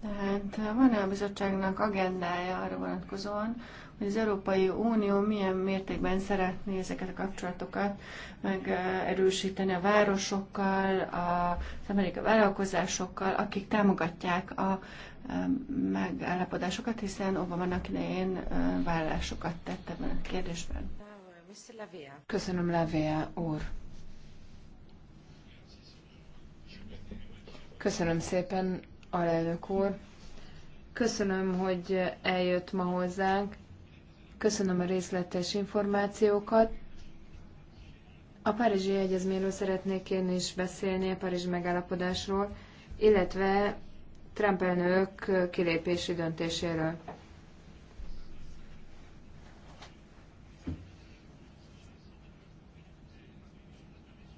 Tehát van-e a bizottságnak agendája arra vonatkozóan, hogy az Európai Unió milyen mértékben szeretné ezeket a kapcsolatokat megerősíteni a városokkal, az amerikai vállalkozásokkal, akik támogatják a megállapodásokat, hiszen Obama-nak idején vállásokat tett ebben a kérdésben. Köszönöm, Lavia úr. Köszönöm szépen, alelnök úr. Köszönöm, hogy eljött ma hozzánk. Köszönöm a részletes információkat. A Párizsi Egyezményről szeretnék kérni is beszélni, a Párizsi megállapodásról, illetve Trump elnök kilépési döntéséről.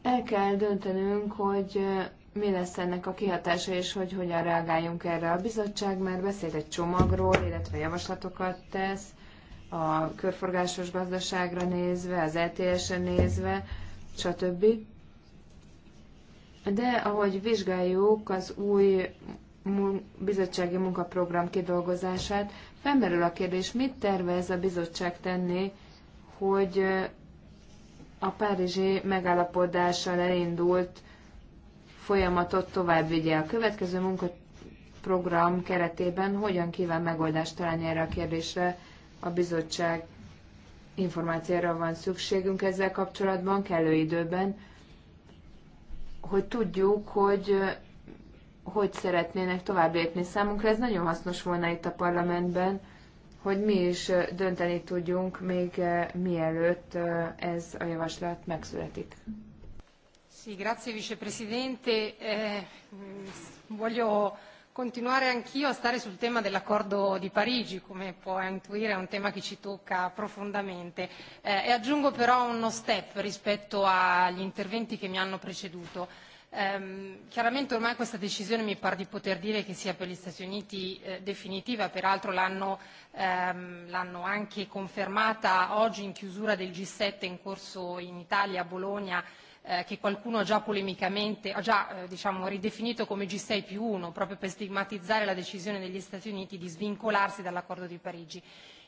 El kell döntenünk, hogy mi lesz ennek a kihatása, és hogy hogyan reagáljunk erre. A bizottság már beszélt egy csomagról, illetve javaslatokat tesz, a körforgásos gazdaságra nézve, az ets nézve, stb. De ahogy vizsgáljuk az új bizottsági munkaprogram kidolgozását, felmerül a kérdés, mit tervez a bizottság tenni, hogy a párizsi megállapodással elindult folyamatot tovább vigye. A következő munkaprogram keretében hogyan kíván megoldást találni erre a kérdésre a bizottság információra van szükségünk ezzel kapcsolatban, kellő időben, hogy tudjuk, hogy hogy szeretnének tovább lépni számunkra. Ez nagyon hasznos volna itt a parlamentben, hogy mi is dönteni tudjunk még eh, mielőtt eh, ez a javaslat megszületik. Sì, grazie Vicepresidente. Eh, mm, voglio continuare anch'io a stare sul tema dell'accordo di Parigi, come può intuire è un tema che ci tocca profondamente eh, e aggiungo però uno step rispetto agli interventi che mi hanno preceduto. Ehm, chiaramente ormai questa decisione mi pare di poter dire che sia per gli Stati Uniti eh, definitiva, peraltro l'hanno, ehm, l'hanno anche confermata oggi in chiusura del G7 in corso in Italia, a Bologna, Eh, che qualcuno ha già polemicamente, ha già eh, diciamo, ridefinito come G6 più 1, proprio per stigmatizzare la decisione degli Stati Uniti di svincolarsi dall'accordo di Parigi.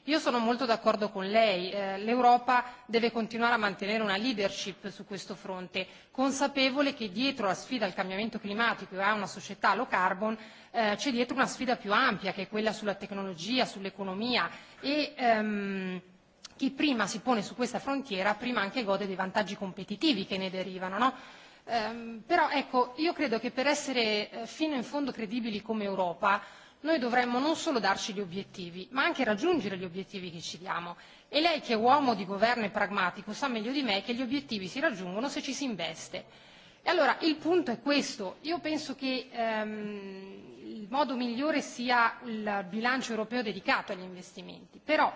Io sono molto d'accordo con lei, eh, l'Europa deve continuare a mantenere una leadership su questo fronte, consapevole che dietro la sfida al cambiamento climatico e a una società low carbon eh, c'è dietro una sfida più ampia che è quella sulla tecnologia, sull'economia e ehm, chi prima si pone su questa frontiera prima anche gode dei vantaggi competitivi che ne derivano. No? Um, però ecco, io credo che per essere eh, fino in fondo credibili come Europa noi dovremmo non solo darci gli obiettivi, ma anche raggiungere gli obiettivi che ci diamo. E lei che è uomo di governo e pragmatico sa meglio di me che gli obiettivi si raggiungono se ci si investe. E allora il punto è questo. Io penso che um, il modo migliore sia il bilancio europeo dedicato agli investimenti. Però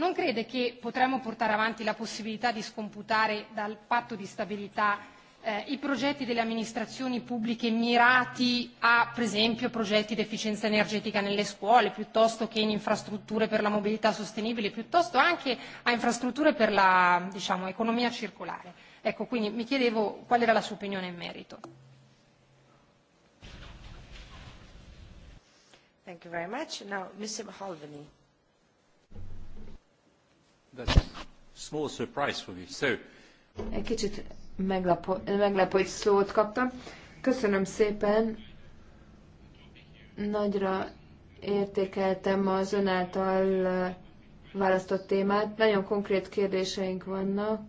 non crede che potremmo portare avanti la possibilità di scomputare dal patto di stabilità eh, i progetti delle amministrazioni pubbliche mirati a, per esempio, progetti di efficienza energetica nelle scuole, piuttosto che in infrastrutture per la mobilità sostenibile, piuttosto anche a infrastrutture per la diciamo, economia circolare. Ecco, quindi mi chiedevo qual era la sua opinione in merito. Thank you very much. Now, Mr. Mahalvani. Egy kicsit meglapo, meglepő, hogy szót kaptam. Köszönöm szépen. Nagyra értékeltem az ön által választott témát. Nagyon konkrét kérdéseink vannak.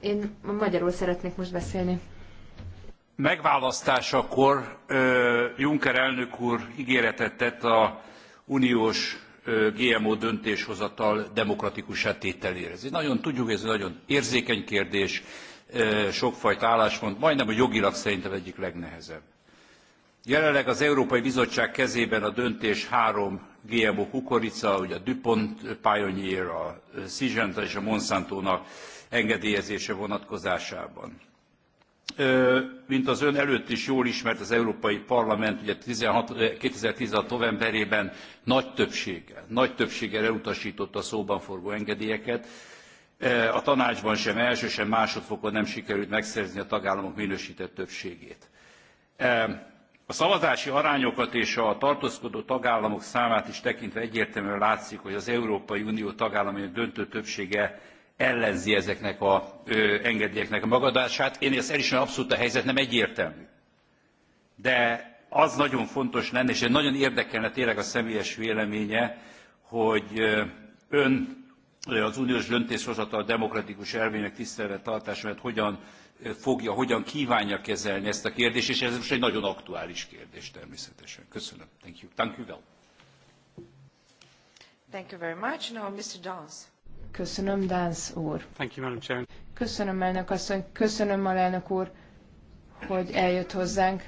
Én magyarul szeretnék most beszélni. Megválasztásakor Juncker elnök úr ígéretet tett a uniós GMO döntéshozatal demokratikus tételére. Ez nagyon tudjuk, ez egy nagyon érzékeny kérdés, sokfajta álláspont, majdnem a jogilag szerintem egyik legnehezebb. Jelenleg az Európai Bizottság kezében a döntés három GMO kukorica, ugye a DuPont Pioneer, a Syngenta és a Monsanto-nak engedélyezése vonatkozásában mint az ön előtt is jól ismert az Európai Parlament ugye 16, 2016 novemberében nagy többséggel, nagy többséggel elutasította a szóban forgó engedélyeket. A tanácsban sem első, sem másodfokon nem sikerült megszerzni a tagállamok minősített többségét. A szavazási arányokat és a tartózkodó tagállamok számát is tekintve egyértelműen látszik, hogy az Európai Unió tagállamainak döntő többsége ellenzi ezeknek az engedélyeknek a magadását. Én ezt elismerem, abszolút a helyzet nem egyértelmű. De az nagyon fontos lenne, és nagyon érdekelne tényleg a személyes véleménye, hogy ön az uniós döntéshozatal demokratikus elvének tartása, mert hogyan fogja, hogyan kívánja kezelni ezt a kérdést, és ez most egy nagyon aktuális kérdés természetesen. Köszönöm. Thank you. Thank you well. Thank you very much. Now, Mr. Dance. Köszönöm, Dánsz úr. Thank you, Madam Chair. Köszönöm, elnök asszony. Köszönöm, alelnök úr, hogy eljött hozzánk.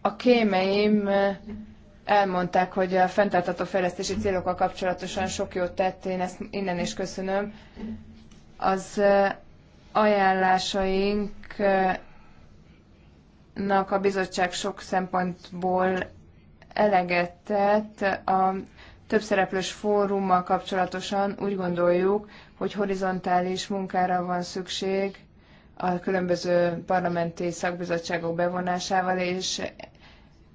A kémeim eh, elmondták, hogy a fenntartató fejlesztési célokkal kapcsolatosan sok jót tett, én ezt innen is köszönöm. Az eh, ajánlásaink eh, a bizottság sok szempontból eleget tett a többszereplős fórummal kapcsolatosan. Úgy gondoljuk, hogy horizontális munkára van szükség a különböző parlamenti szakbizottságok bevonásával, és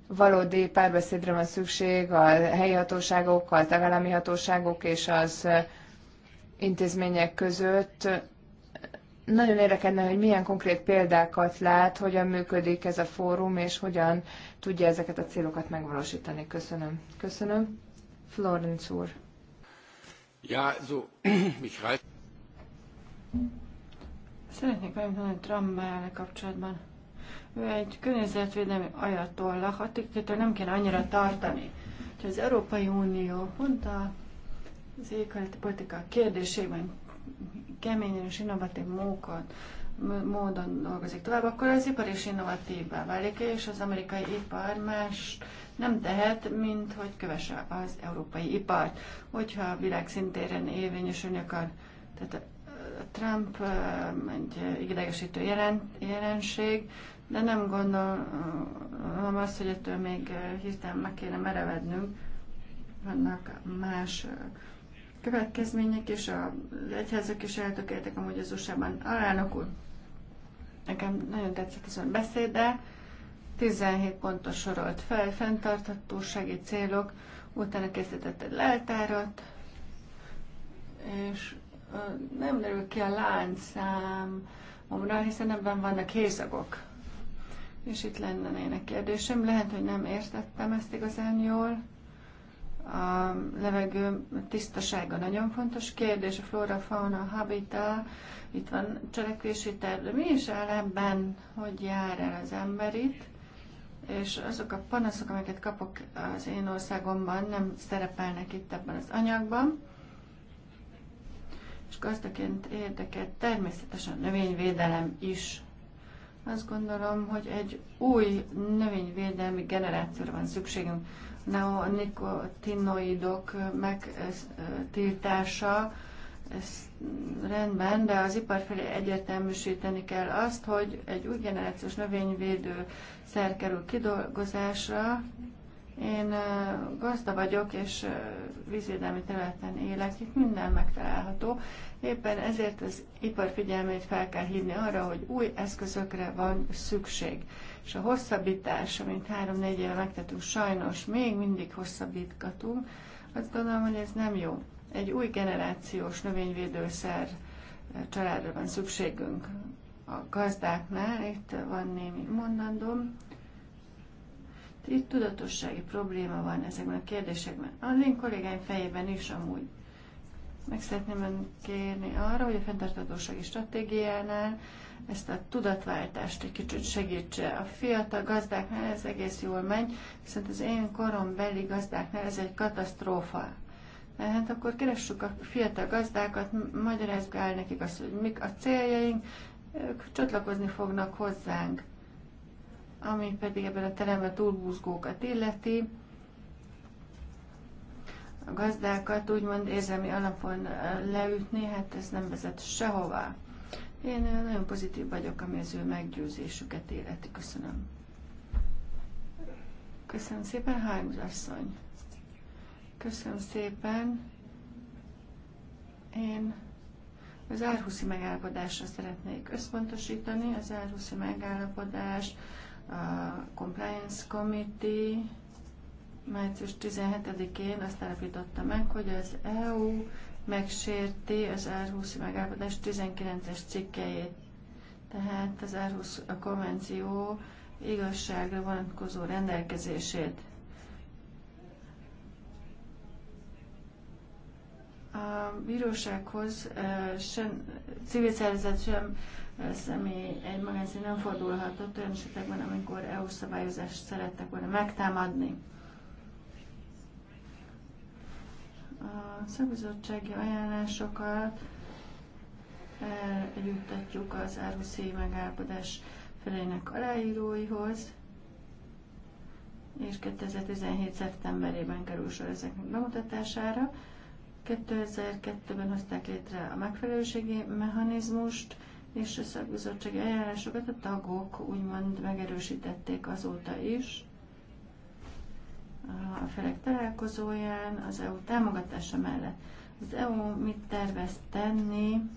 valódi párbeszédre van szükség a helyi hatóságokkal, a tagállami hatóságok és az intézmények között nagyon érdekelne, hogy milyen konkrét példákat lát, hogyan működik ez a fórum, és hogyan tudja ezeket a célokat megvalósítani. Köszönöm. Köszönöm. Florenc úr. Ja, so, mich reizt. Szeretnék valamit mondani Trump kapcsolatban. Ő egy környezetvédelmi ajatolla, tehát nem kell annyira tartani. Ha az Európai Unió pont az éghajlati politika kérdésében keményen és innovatív mókon, módon dolgozik tovább, akkor az ipar is innovatívvá válik, és az amerikai ipar más nem tehet, mint hogy kövesse az európai ipart, hogyha a világ szintéren érvényesülni akar. Tehát Trump egy idegesítő jelen, jelenség, de nem gondolom azt, hogy ettől még hirtelen meg kéne merevednünk. Vannak más következmények, és az egyházak is eltökéltek amúgy az USA-ban. Alánok úr, nekem nagyon tetszett az ön beszéde, 17 pontos sorolt fel, fenntarthatósági célok, utána készített egy leltárat, és nem derül ki a láncszámomra, hiszen ebben vannak hézagok. És itt lennének kérdésem, lehet, hogy nem értettem ezt igazán jól a levegő tisztasága nagyon fontos kérdés, a flora, fauna, habitat, itt van cselekvési terv, de mi is áll ebben, hogy jár el az ember itt, és azok a panaszok, amiket kapok az én országomban, nem szerepelnek itt ebben az anyagban, és gazdaként érdekelt természetesen növényvédelem is. Azt gondolom, hogy egy új növényvédelmi generációra van szükségünk neonikotinoidok megtiltása, ez rendben, de az ipar felé egyértelműsíteni kell azt, hogy egy új generációs növényvédő szer kerül kidolgozásra. Én gazda vagyok, és vízvédelmi területen élek, itt minden megtalálható. Éppen ezért az ipar figyelmét fel kell hívni arra, hogy új eszközökre van szükség és a hosszabbítás, amit három-négy éve megtettünk, sajnos még mindig hosszabbítgatunk, azt gondolom, hogy ez nem jó. Egy új generációs növényvédőszer eh, családra van szükségünk a gazdáknál, itt van némi mondandóm, itt tudatossági probléma van ezekben a kérdésekben. A link kollégáim fejében is amúgy. Meg szeretném kérni arra, hogy a fenntartatósági stratégiánál ezt a tudatváltást egy kicsit segítse. A fiatal gazdáknál ez egész jól megy, viszont az én korombeli gazdáknál ez egy katasztrófa. Hát akkor keressük a fiatal gazdákat, magyarázzuk el nekik azt, hogy mik a céljaink, ők csatlakozni fognak hozzánk. Ami pedig ebben a teremben túlbúzgókat illeti, a gazdákat úgymond érzelmi alapon leütni, hát ez nem vezet sehova. Én nagyon pozitív vagyok, ami az ő meggyőzésüket életi. Köszönöm. Köszönöm szépen, Hármuz asszony. Köszönöm szépen. Én az árhuszi megállapodásra szeretnék összpontosítani. Az árhuszi megállapodás, a Compliance Committee március 17-én azt állapította meg, hogy az EU megsérti az R20 megállapodás 19-es cikkejét. Tehát az R20 a konvenció igazságra vonatkozó rendelkezését. A bírósághoz sem, civil szervezet sem személy, egy magánszín nem fordulhatott olyan esetekben, amikor EU szabályozást szerettek volna megtámadni. a szakbizottsági ajánlásokat eh, eljuttatjuk az áruszi megállapodás felének aláíróihoz, és 2017. szeptemberében kerül sor ezeknek bemutatására. 2002-ben hozták létre a megfelelőségi mechanizmust, és a szakbizottsági eljárásokat a tagok úgymond megerősítették azóta is a felek találkozóján az EU támogatása mellett. Az EU mit tervez tenni,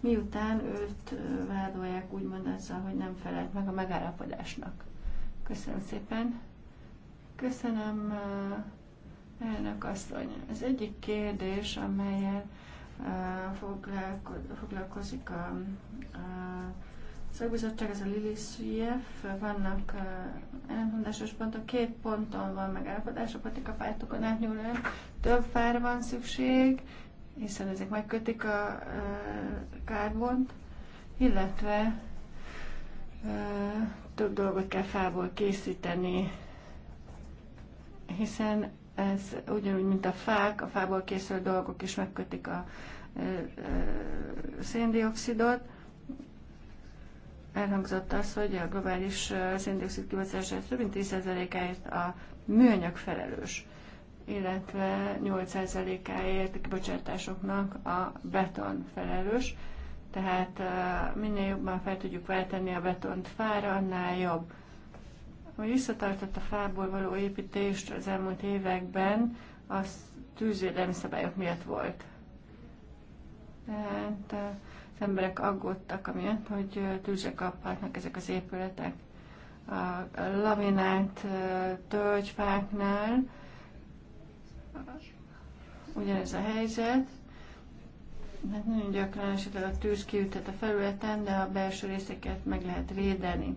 miután őt vádolják úgymond azzal, hogy nem felelt meg a megállapodásnak. Köszönöm szépen. Köszönöm, elnök asszony. Az egyik kérdés, amelyel foglalkozik a, a szakbizottság, ez a Lili Szüjev, vannak uh, ellentmondásos pontok, két ponton van megállapodás, a patikafájtokon átnyúlóan több fára van szükség, hiszen ezek megkötik a uh, kárbont, illetve uh, több dolgot kell fából készíteni, hiszen ez ugyanúgy, mint a fák, a fából készült dolgok is megkötik a uh, uh, széndiokszidot, elhangzott az, hogy a globális széndiokszid kibocsátás több mint 10%-áért a műanyag felelős, illetve 8%-áért a kibocsátásoknak a beton felelős. Tehát minél jobban fel tudjuk váltani a betont fára, annál jobb. Hogy visszatartott a fából való építést az elmúlt években, az tűzvédelmi szabályok miatt volt. Tehát az emberek aggódtak amiatt, hogy tűzre kaphatnak ezek az épületek. A laminált tölgyfáknál ugyanez a helyzet, Hát nagyon gyakran esetleg a tűz kiütet a felületen, de a belső részeket meg lehet védeni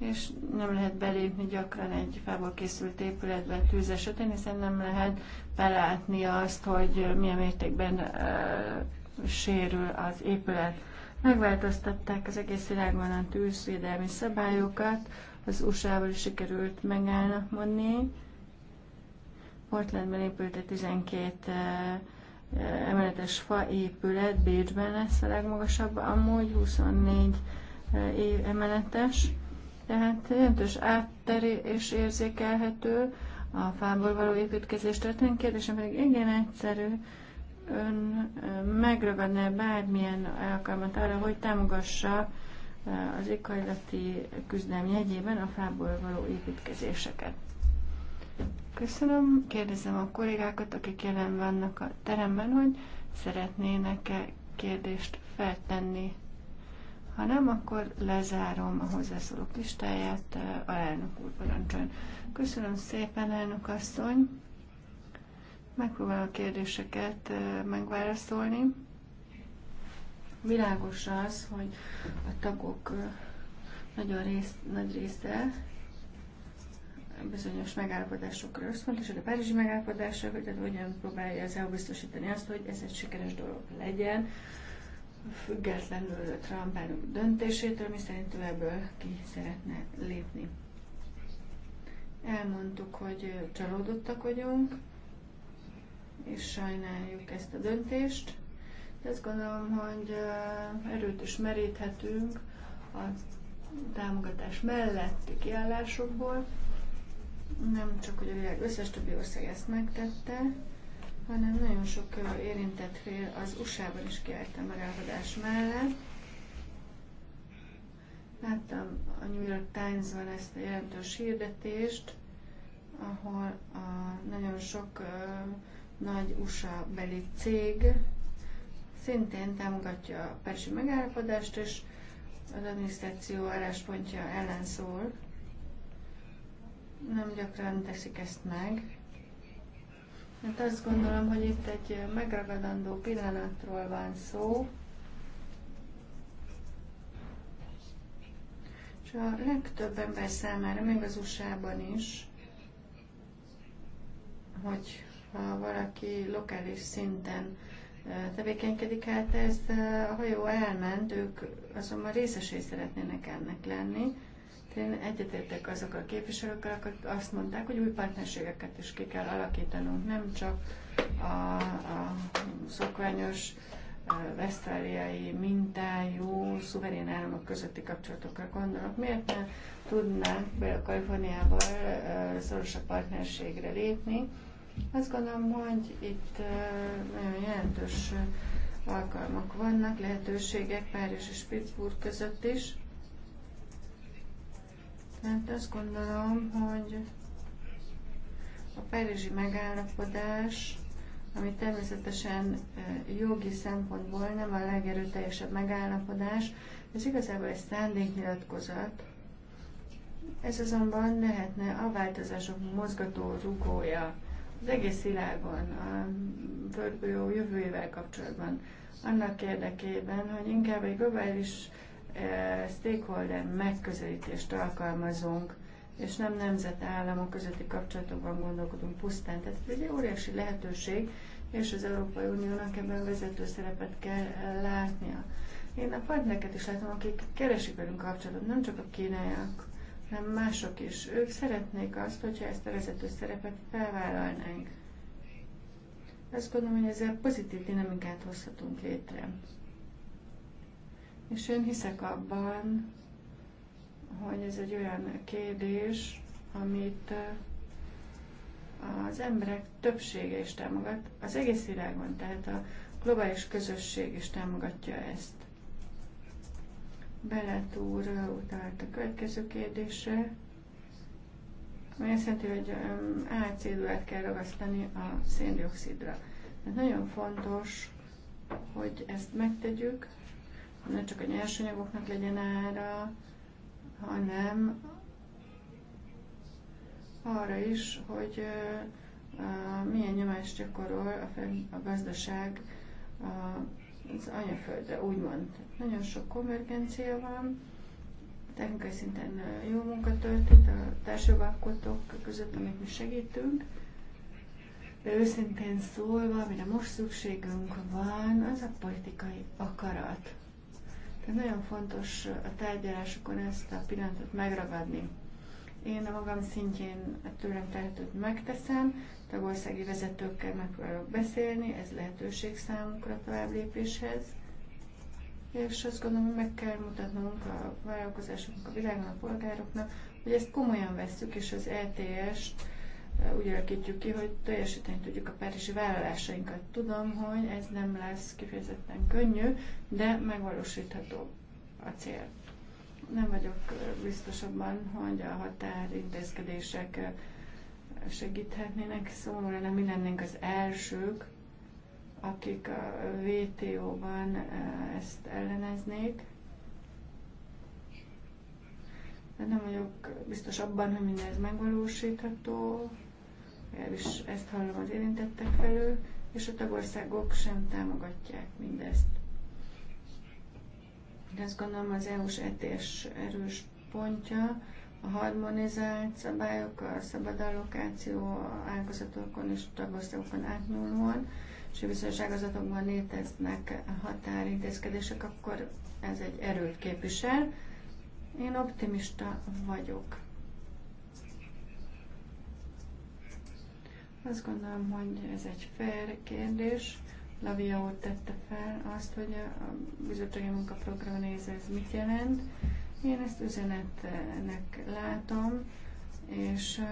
és nem lehet belépni gyakran egy fából készült épületbe tűzre sötén, hiszen nem lehet belátni azt, hogy milyen mértékben sérül az épület. Megváltoztatták az egész világban a tűzvédelmi szabályokat, az USA-val is sikerült mondni. Portlandben épült egy 12 emeletes faépület, Bécsben lesz a legmagasabb, amúgy 24 emeletes tehát jelentős átterés érzékelhető a fából való építkezés történik. Kérdésem pedig igen egyszerű. Ön megrövenne bármilyen alkalmat arra, hogy támogassa az éghajlati küzdelem jegyében a fából való építkezéseket. Köszönöm. Kérdezem a kollégákat, akik jelen vannak a teremben, hogy szeretnének-e kérdést feltenni. Ha nem, akkor lezárom a hozzászólók listáját. elnök úr parancsoljon. Köszönöm szépen, elnök asszony. Megpróbálom a kérdéseket megválaszolni. Világos az, hogy a tagok nagyon rész, nagy része bizonyos megállapodásokra és a Párizsi megállapodásra, tehát hogyan próbálja az EU biztosítani azt, hogy ez egy sikeres dolog legyen, függetlenül Trump elnök döntésétől, mi szerint ő ebből ki szeretne lépni. Elmondtuk, hogy csalódottak vagyunk, és sajnáljuk ezt a döntést, de azt gondolom, hogy eh, erőt is meríthetünk a támogatás melletti kiállásokból, nem csak, hogy a világ összes többi ország ezt megtette, hanem nagyon sok érintett fél az USA-ban is kiálltam a megállapodás mellett. Láttam a New York Times-ban ezt a jelentős hirdetést, ahol a nagyon sok nagy USA beli cég szintén támogatja a persi megállapodást, és az adminisztráció álláspontja ellen szól. Nem gyakran teszik ezt meg, Hát azt gondolom, hogy itt egy megragadandó pillanatról van szó. És a legtöbb ember számára, még az USA-ban is, hogy ha valaki lokális szinten tevékenykedik, hát ez a hajó elment, ők azonban részesei szeretnének ennek lenni. Én egyetértek azok a képviselőkkel, akik azt mondták, hogy új partnerségeket is ki kell alakítanunk, nem csak a, a szokványos vesztáliai mintájú szuverén államok közötti kapcsolatokra gondolok. Miért ne tudnánk például Kaliforniával szorosabb partnerségre lépni? Azt gondolom, hogy itt nagyon jelentős alkalmak vannak, lehetőségek Párizs és Pittsburgh között is mert azt gondolom, hogy a párizsi megállapodás, ami természetesen jogi szempontból nem a legerőteljesebb megállapodás, ez igazából egy szándéknyilatkozat. Ez azonban lehetne a változások mozgató rugója az egész világon, a földbolyó jövőjével kapcsolatban, annak érdekében, hogy inkább egy globális Eh, stakeholder megközelítést alkalmazunk, és nem nemzetállamok közötti kapcsolatokban gondolkodunk pusztán. Tehát ez egy óriási lehetőség, és az Európai Uniónak ebben vezető szerepet kell látnia. Én a partnereket is látom, akik keresik velünk kapcsolatot, nem csak a kínaiak, hanem mások is. Ők szeretnék azt, hogyha ezt a vezető szerepet felvállalnánk. Azt gondolom, hogy ezzel pozitív dinamikát hozhatunk létre. És én hiszek abban, hogy ez egy olyan kérdés, amit az emberek többsége is támogat, az egész világon, tehát a globális közösség is támogatja ezt. Belet úr utalt a következő kérdésre, ami azt jelenti, hogy álcédulát kell ragasztani a széndiokszidra. Ez nagyon fontos, hogy ezt megtegyük, ne csak a nyersanyagoknak legyen ára, hanem arra is, hogy milyen nyomást gyakorol a, fel, a gazdaság az anyaföldre, úgymond. Nagyon sok konvergencia van, technikai szinten jó munka történt a társadalmakotok között, amit mi segítünk, de őszintén szólva, amire most szükségünk van, az a politikai akarat. Tehát nagyon fontos a tárgyalásokon ezt a pillanatot megragadni. Én a magam szintjén tőlem tehetőt megteszem, tagországi vezetőkkel megpróbálok beszélni, ez lehetőség a tovább lépéshez. És azt gondolom, hogy meg kell mutatnunk a vállalkozásoknak, a világnak, a polgároknak, hogy ezt komolyan vesszük, és az ETS-t úgy alakítjuk ki, hogy teljesíteni tudjuk a párizsi vállalásainkat. Tudom, hogy ez nem lesz kifejezetten könnyű, de megvalósítható a cél. Nem vagyok biztos abban, hogy a határintézkedések segíthetnének, szóval nem mi lennénk az elsők, akik a WTO-ban ezt elleneznék. De nem vagyok biztos abban, hogy mindez megvalósítható, és ezt hallom az érintettek felől, és a tagországok sem támogatják mindezt. De azt gondolom az EU-s etés erős pontja, a harmonizált szabályok, a szabad allokáció ágazatokon és tagországokon átnyúlóan, és bizonyos ágazatokban léteznek határintézkedések, akkor ez egy erőt képvisel. Én optimista vagyok. Azt gondolom, hogy ez egy fair kérdés. Lavia úr tette fel azt, hogy a bizottsági munkaprogram nézve ez mit jelent. Én ezt üzenetnek látom, és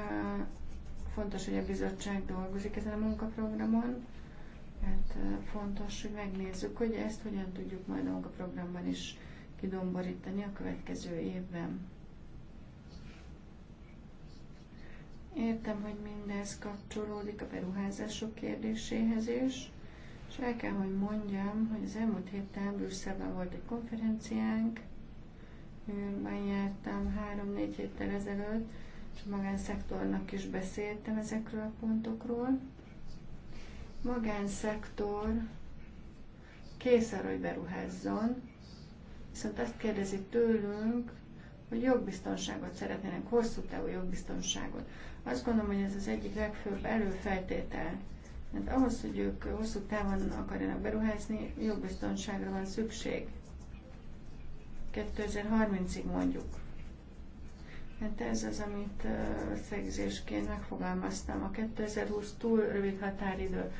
fontos, hogy a bizottság dolgozik ezen a munkaprogramon. Hát fontos, hogy megnézzük, hogy ezt hogyan tudjuk majd a munkaprogramban is kidomborítani a következő évben. Értem, hogy mindez kapcsolódik a beruházások kérdéséhez is, és el kell, hogy mondjam, hogy az elmúlt héten Brüsszelben volt egy konferenciánk, Nőrben jártam három-négy héttel ezelőtt, és a magánszektornak is beszéltem ezekről a pontokról. Magánszektor kész arra, hogy beruházzon, viszont azt kérdezi tőlünk, hogy jogbiztonságot szeretnének, hosszú távú jogbiztonságot. Azt gondolom, hogy ez az egyik legfőbb előfeltétel. Mert hát ahhoz, hogy ők hosszú távon akarjanak beruházni, jogbiztonságra van szükség. 2030-ig mondjuk. Mert hát ez az, amit szegzésként megfogalmaztam. A 2020 túl rövid határidő.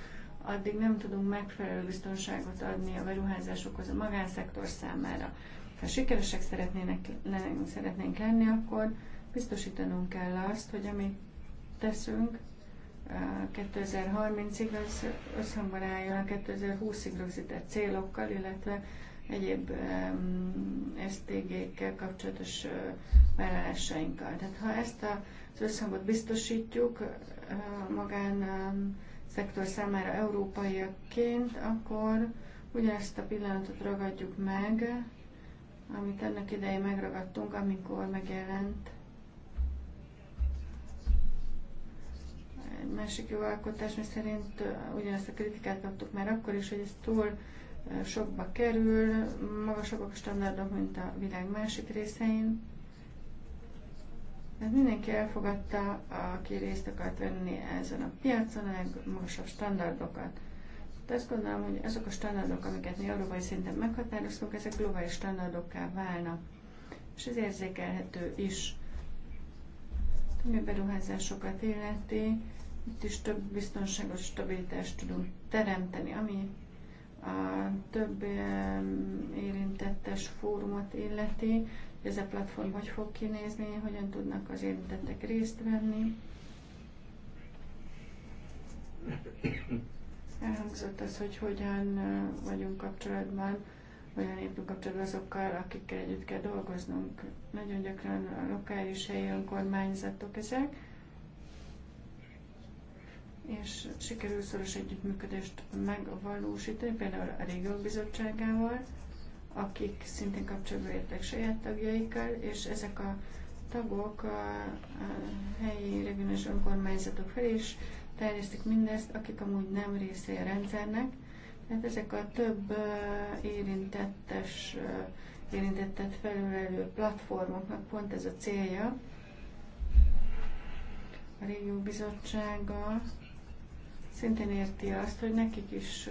Addig nem tudunk megfelelő biztonságot adni a beruházásokhoz a magánszektor számára. Ha sikeresek szeretnének, szeretnénk lenni, akkor biztosítanunk kell azt, hogy amit teszünk 2030-ig, az összhangban álljon a 2020-ig rögzített célokkal, illetve egyéb STG-kkel kapcsolatos vállalásainkkal. Tehát ha ezt az összhangot biztosítjuk magán szektor számára európaiaként, akkor ugyanezt a pillanatot ragadjuk meg, amit ennek idején megragadtunk, amikor megjelent Egy másik alkotás mi szerint ugyanezt a kritikát kaptuk már akkor is, hogy ez túl sokba kerül, magasabbak a standardok, mint a világ másik részein. Tehát mindenki elfogadta, aki részt akart venni ezen a piacon, a legmagasabb standardokat. De hát azt gondolom, hogy azok a standardok, amiket mi európai szinten meghatároztunk, ezek globális standardokká válnak. És ez érzékelhető is. Ami beruházásokat illeti, itt is több biztonságos stabilitást tudunk teremteni, ami a több érintettes fórumot illeti, ez a platform hogy fog kinézni, hogyan tudnak az érintettek részt venni. Elhangzott az, hogy hogyan vagyunk kapcsolatban, hogyan lépünk kapcsolatban azokkal, akikkel együtt kell dolgoznunk. Nagyon gyakran a lokális helyi önkormányzatok ezek, és sikerül szoros együttműködést megvalósítani, például a régiók bizottságával, akik szintén kapcsolatban értek saját tagjaikkal, és ezek a tagok a, a helyi regionális önkormányzatok felé is terjesztik mindezt, akik amúgy nem részei a rendszernek. Tehát ezek a több érintettes, érintettet felülelő platformoknak pont ez a célja. A régió bizottsága szintén érti azt, hogy nekik is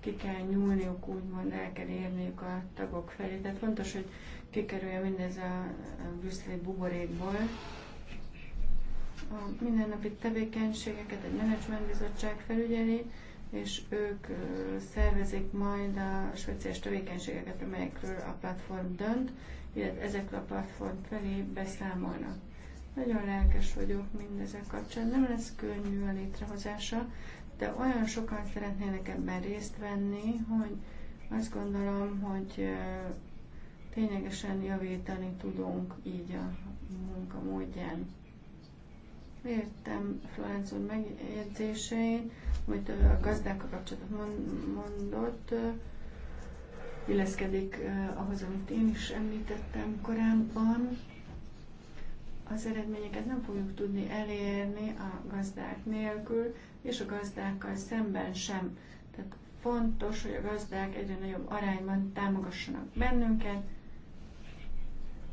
ki kell nyúlniuk, úgymond el kell érniük a tagok felé. Tehát fontos, hogy kikerülje mindez a brüsszeli buborékból. A mindennapi tevékenységeket egy menedzsmentbizottság felügyeli, és ők szervezik majd a speciális tevékenységeket, amelyekről a platform dönt, illetve ezekről a platform felé beszámolnak. Nagyon lelkes vagyok mindezek kapcsán. Nem lesz könnyű a létrehozása, de olyan sokan szeretnének ebben részt venni, hogy azt gondolom, hogy ténylegesen javítani tudunk így a munka módján. Értem Florence úr megjegyzéseit, amit a gazdákkal kapcsolatban mondott, illeszkedik ahhoz, amit én is említettem korábban az eredményeket nem fogjuk tudni elérni a gazdák nélkül, és a gazdákkal szemben sem. Tehát fontos, hogy a gazdák egyre nagyobb arányban támogassanak bennünket,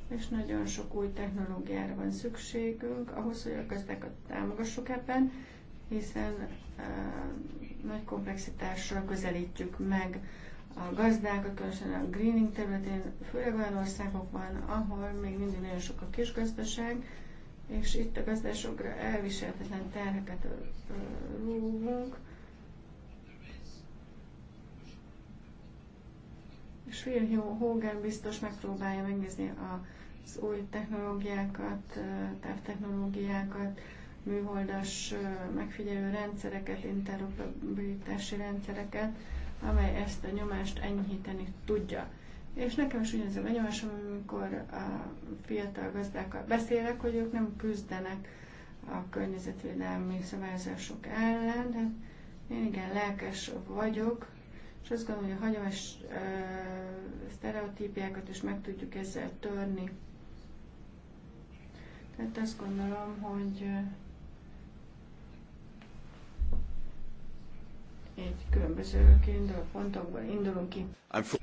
és nagyon sok új technológiára van szükségünk ahhoz, hogy a gazdákat támogassuk ebben, hiszen uh, nagy komplexitással közelítjük meg a gazdák különösen a greening területén, főleg olyan országokban, ahol még mindig nagyon sok a kisgazdaság, és itt a gazdásokra elviselhetetlen terheket rúgunk. És Phil Hogan biztos megpróbálja megnézni az új technológiákat, távtechnológiákat, műholdas megfigyelő rendszereket, interoperabilitási rendszereket, amely ezt a nyomást enyhíteni tudja. És nekem is ugyanaz a benyomásom, amikor a fiatal gazdákkal beszélek, hogy ők nem küzdenek a környezetvédelmi szabályozások ellen, de én igen lelkes vagyok, és azt gondolom, hogy a hagyományos sztereotípiákat is meg tudjuk ezzel törni. Tehát azt gondolom, hogy ö, egy különböző kiinduló pontokból indulunk ki.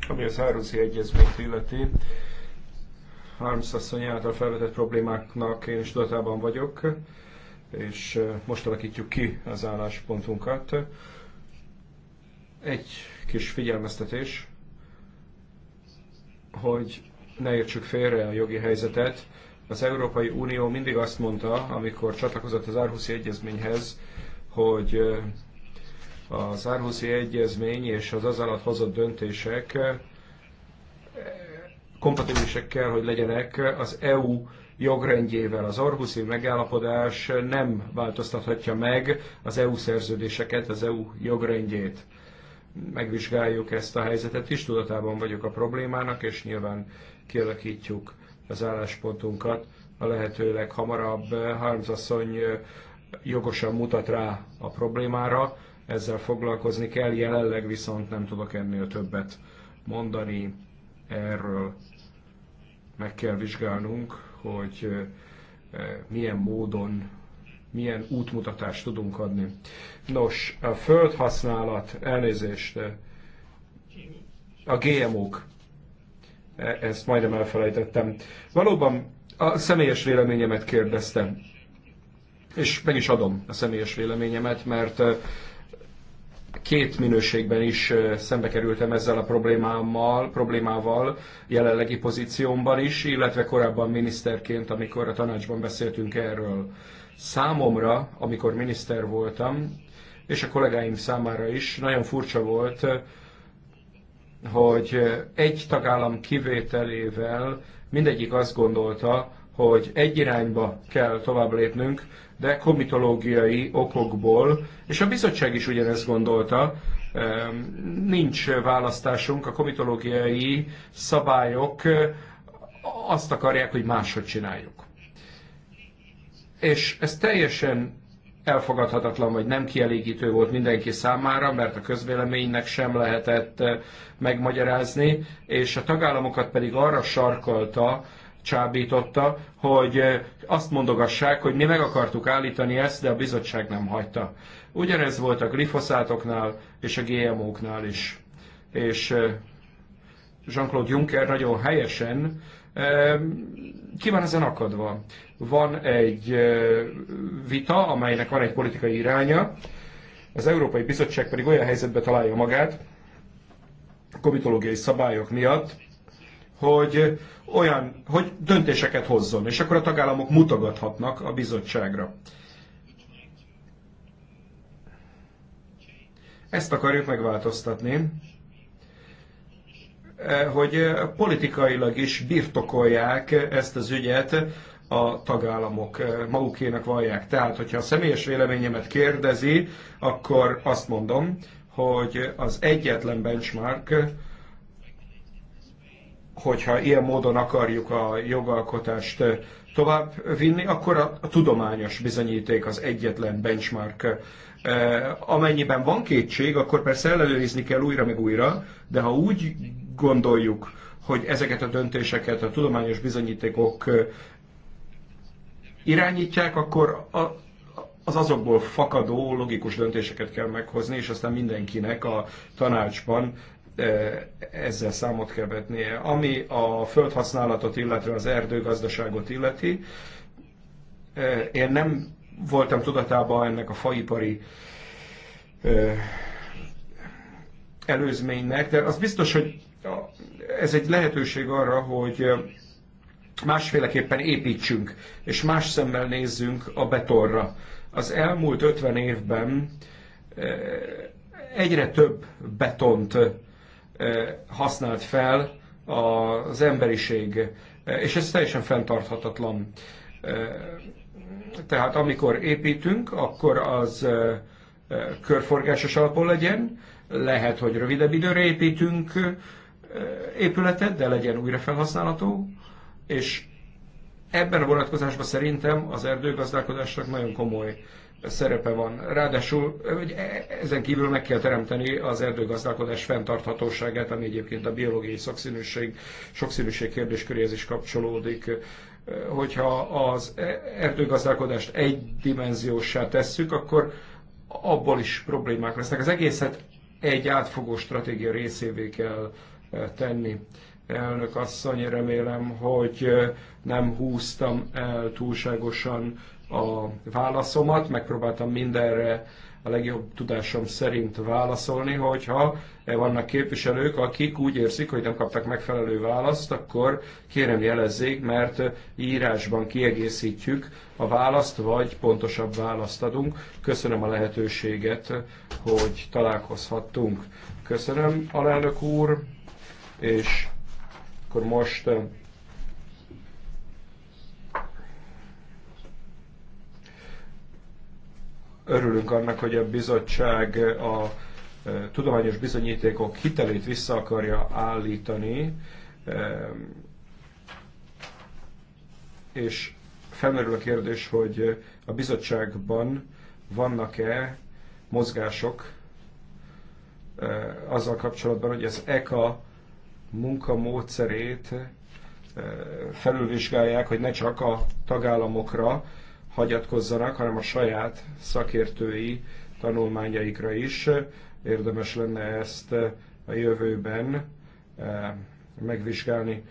Ami az Áruzi Egyezményt illeti, Harms asszony által felvetett problémáknak én is tudatában vagyok, és most alakítjuk ki az álláspontunkat. Egy kis figyelmeztetés, hogy ne értsük félre a jogi helyzetet. Az Európai Unió mindig azt mondta, amikor csatlakozott az Árhuszi Egyezményhez, hogy az Árhuszi Egyezmény és az az alatt hozott döntések eh, kompatibilisek kell, hogy legyenek az EU jogrendjével. Az Arhuszi megállapodás nem változtathatja meg az EU szerződéseket, az EU jogrendjét. Megvizsgáljuk ezt a helyzetet is, tudatában vagyok a problémának, és nyilván kialakítjuk az álláspontunkat a lehető leghamarabb. Eh, Harmzasszony eh, jogosan mutat rá a problémára, ezzel foglalkozni kell, jelenleg viszont nem tudok ennél többet mondani erről. Meg kell vizsgálnunk, hogy milyen módon, milyen útmutatást tudunk adni. Nos, a földhasználat, elnézést, a GMO-k, e, ezt majdnem elfelejtettem. Valóban a személyes véleményemet kérdeztem, és meg is adom a személyes véleményemet, mert két minőségben is szembe kerültem ezzel a problémámmal, problémával, jelenlegi pozíciómban is, illetve korábban miniszterként, amikor a tanácsban beszéltünk erről. Számomra, amikor miniszter voltam, és a kollégáim számára is nagyon furcsa volt, hogy egy tagállam kivételével mindegyik azt gondolta, hogy egy irányba kell tovább lépnünk, de komitológiai okokból, és a bizottság is ugyanezt gondolta, nincs választásunk, a komitológiai szabályok azt akarják, hogy máshogy csináljuk. És ez teljesen elfogadhatatlan vagy nem kielégítő volt mindenki számára, mert a közvéleménynek sem lehetett megmagyarázni, és a tagállamokat pedig arra sarkalta, csábította, hogy eh, azt mondogassák, hogy mi meg akartuk állítani ezt, de a bizottság nem hagyta. Ugyanez volt a glifoszátoknál és a GMO-knál is. És eh, Jean-Claude Juncker nagyon helyesen eh, ki van ezen akadva? Van egy vita, amelynek van egy politikai iránya, az Európai Bizottság pedig olyan helyzetbe találja magát, komitológiai szabályok miatt, hogy olyan, hogy döntéseket hozzon, és akkor a tagállamok mutogathatnak a bizottságra. Ezt akarjuk megváltoztatni, eh, hogy eh, politikailag is birtokolják ezt az ügyet a tagállamok, eh, magukének vallják. Tehát, hogyha a személyes véleményemet kérdezi, akkor azt mondom, hogy az egyetlen benchmark, hogyha ilyen módon akarjuk a jogalkotást eh, tovább vinni, akkor a, tudományos bizonyíték az egyetlen benchmark. Eh, amennyiben van kétség, akkor persze ellenőrizni kell újra meg újra, de ha úgy gondoljuk, hogy ezeket a döntéseket a tudományos bizonyítékok eh, irányítják, akkor a, az azokból fakadó logikus döntéseket kell meghozni, és aztán mindenkinek a tanácsban ezzel számot kell vetnie. Ami a földhasználatot, illetve az erdőgazdaságot illeti, én nem voltam tudatában ennek a faipari előzménynek, de az biztos, hogy ez egy lehetőség arra, hogy másféleképpen építsünk, és más szemmel nézzünk a betorra. Az elmúlt 50 évben egyre több betont használt fel az emberiség, és ez teljesen fenntarthatatlan. Tehát amikor építünk, akkor az körforgásos alapon legyen, lehet, hogy rövidebb időre építünk épületet, de legyen újra felhasználható, és ebben a vonatkozásban szerintem az erdőgazdálkodásnak nagyon komoly szerepe van. Ráadásul e, ezen kívül meg kell teremteni az erdőgazdálkodás fenntarthatóságát, ami egyébként a biológiai sokszínűség, sokszínűség kérdésköréhez is kapcsolódik. E, hogyha az e, erdőgazdálkodást egydimenziósá tesszük, akkor abból is problémák lesznek. Az egészet egy átfogó stratégia részévé kell tenni. Elnök asszony, remélem, hogy nem húztam el túlságosan a válaszomat, megpróbáltam mindenre a legjobb tudásom szerint válaszolni, hogyha vannak képviselők, akik úgy érzik, hogy nem kaptak megfelelő választ, akkor kérem jelezzék, mert írásban kiegészítjük a választ, vagy pontosabb választ adunk. Köszönöm a lehetőséget, hogy találkozhattunk. Köszönöm, alelnök úr, és akkor most Örülünk annak, hogy a bizottság a e, tudományos bizonyítékok hitelét vissza akarja állítani, e, és felmerül a kérdés, hogy a bizottságban vannak-e mozgások e, azzal kapcsolatban, hogy az ECA munkamódszerét felülvizsgálják, hogy ne csak a tagállamokra hagyatkozzanak, hanem a saját szakértői tanulmányaikra is. Érdemes lenne ezt a jövőben eh, megvizsgálni.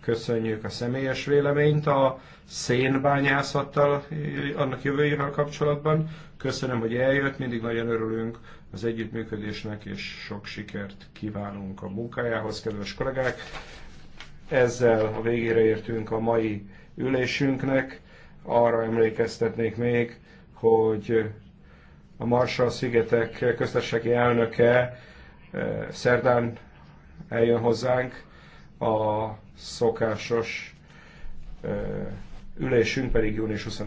Köszönjük a személyes véleményt a szénbányászattal, eh, annak jövőjével kapcsolatban. Köszönöm, hogy eljött, mindig nagyon örülünk az együttműködésnek, és sok sikert kívánunk a munkájához, kedves kollégák. Ezzel a végére értünk a mai ülésünknek arra emlékeztetnék még, hogy a Marshall-szigetek köztességi elnöke eh, szerdán eljön hozzánk a szokásos eh, ülésünk pedig június 20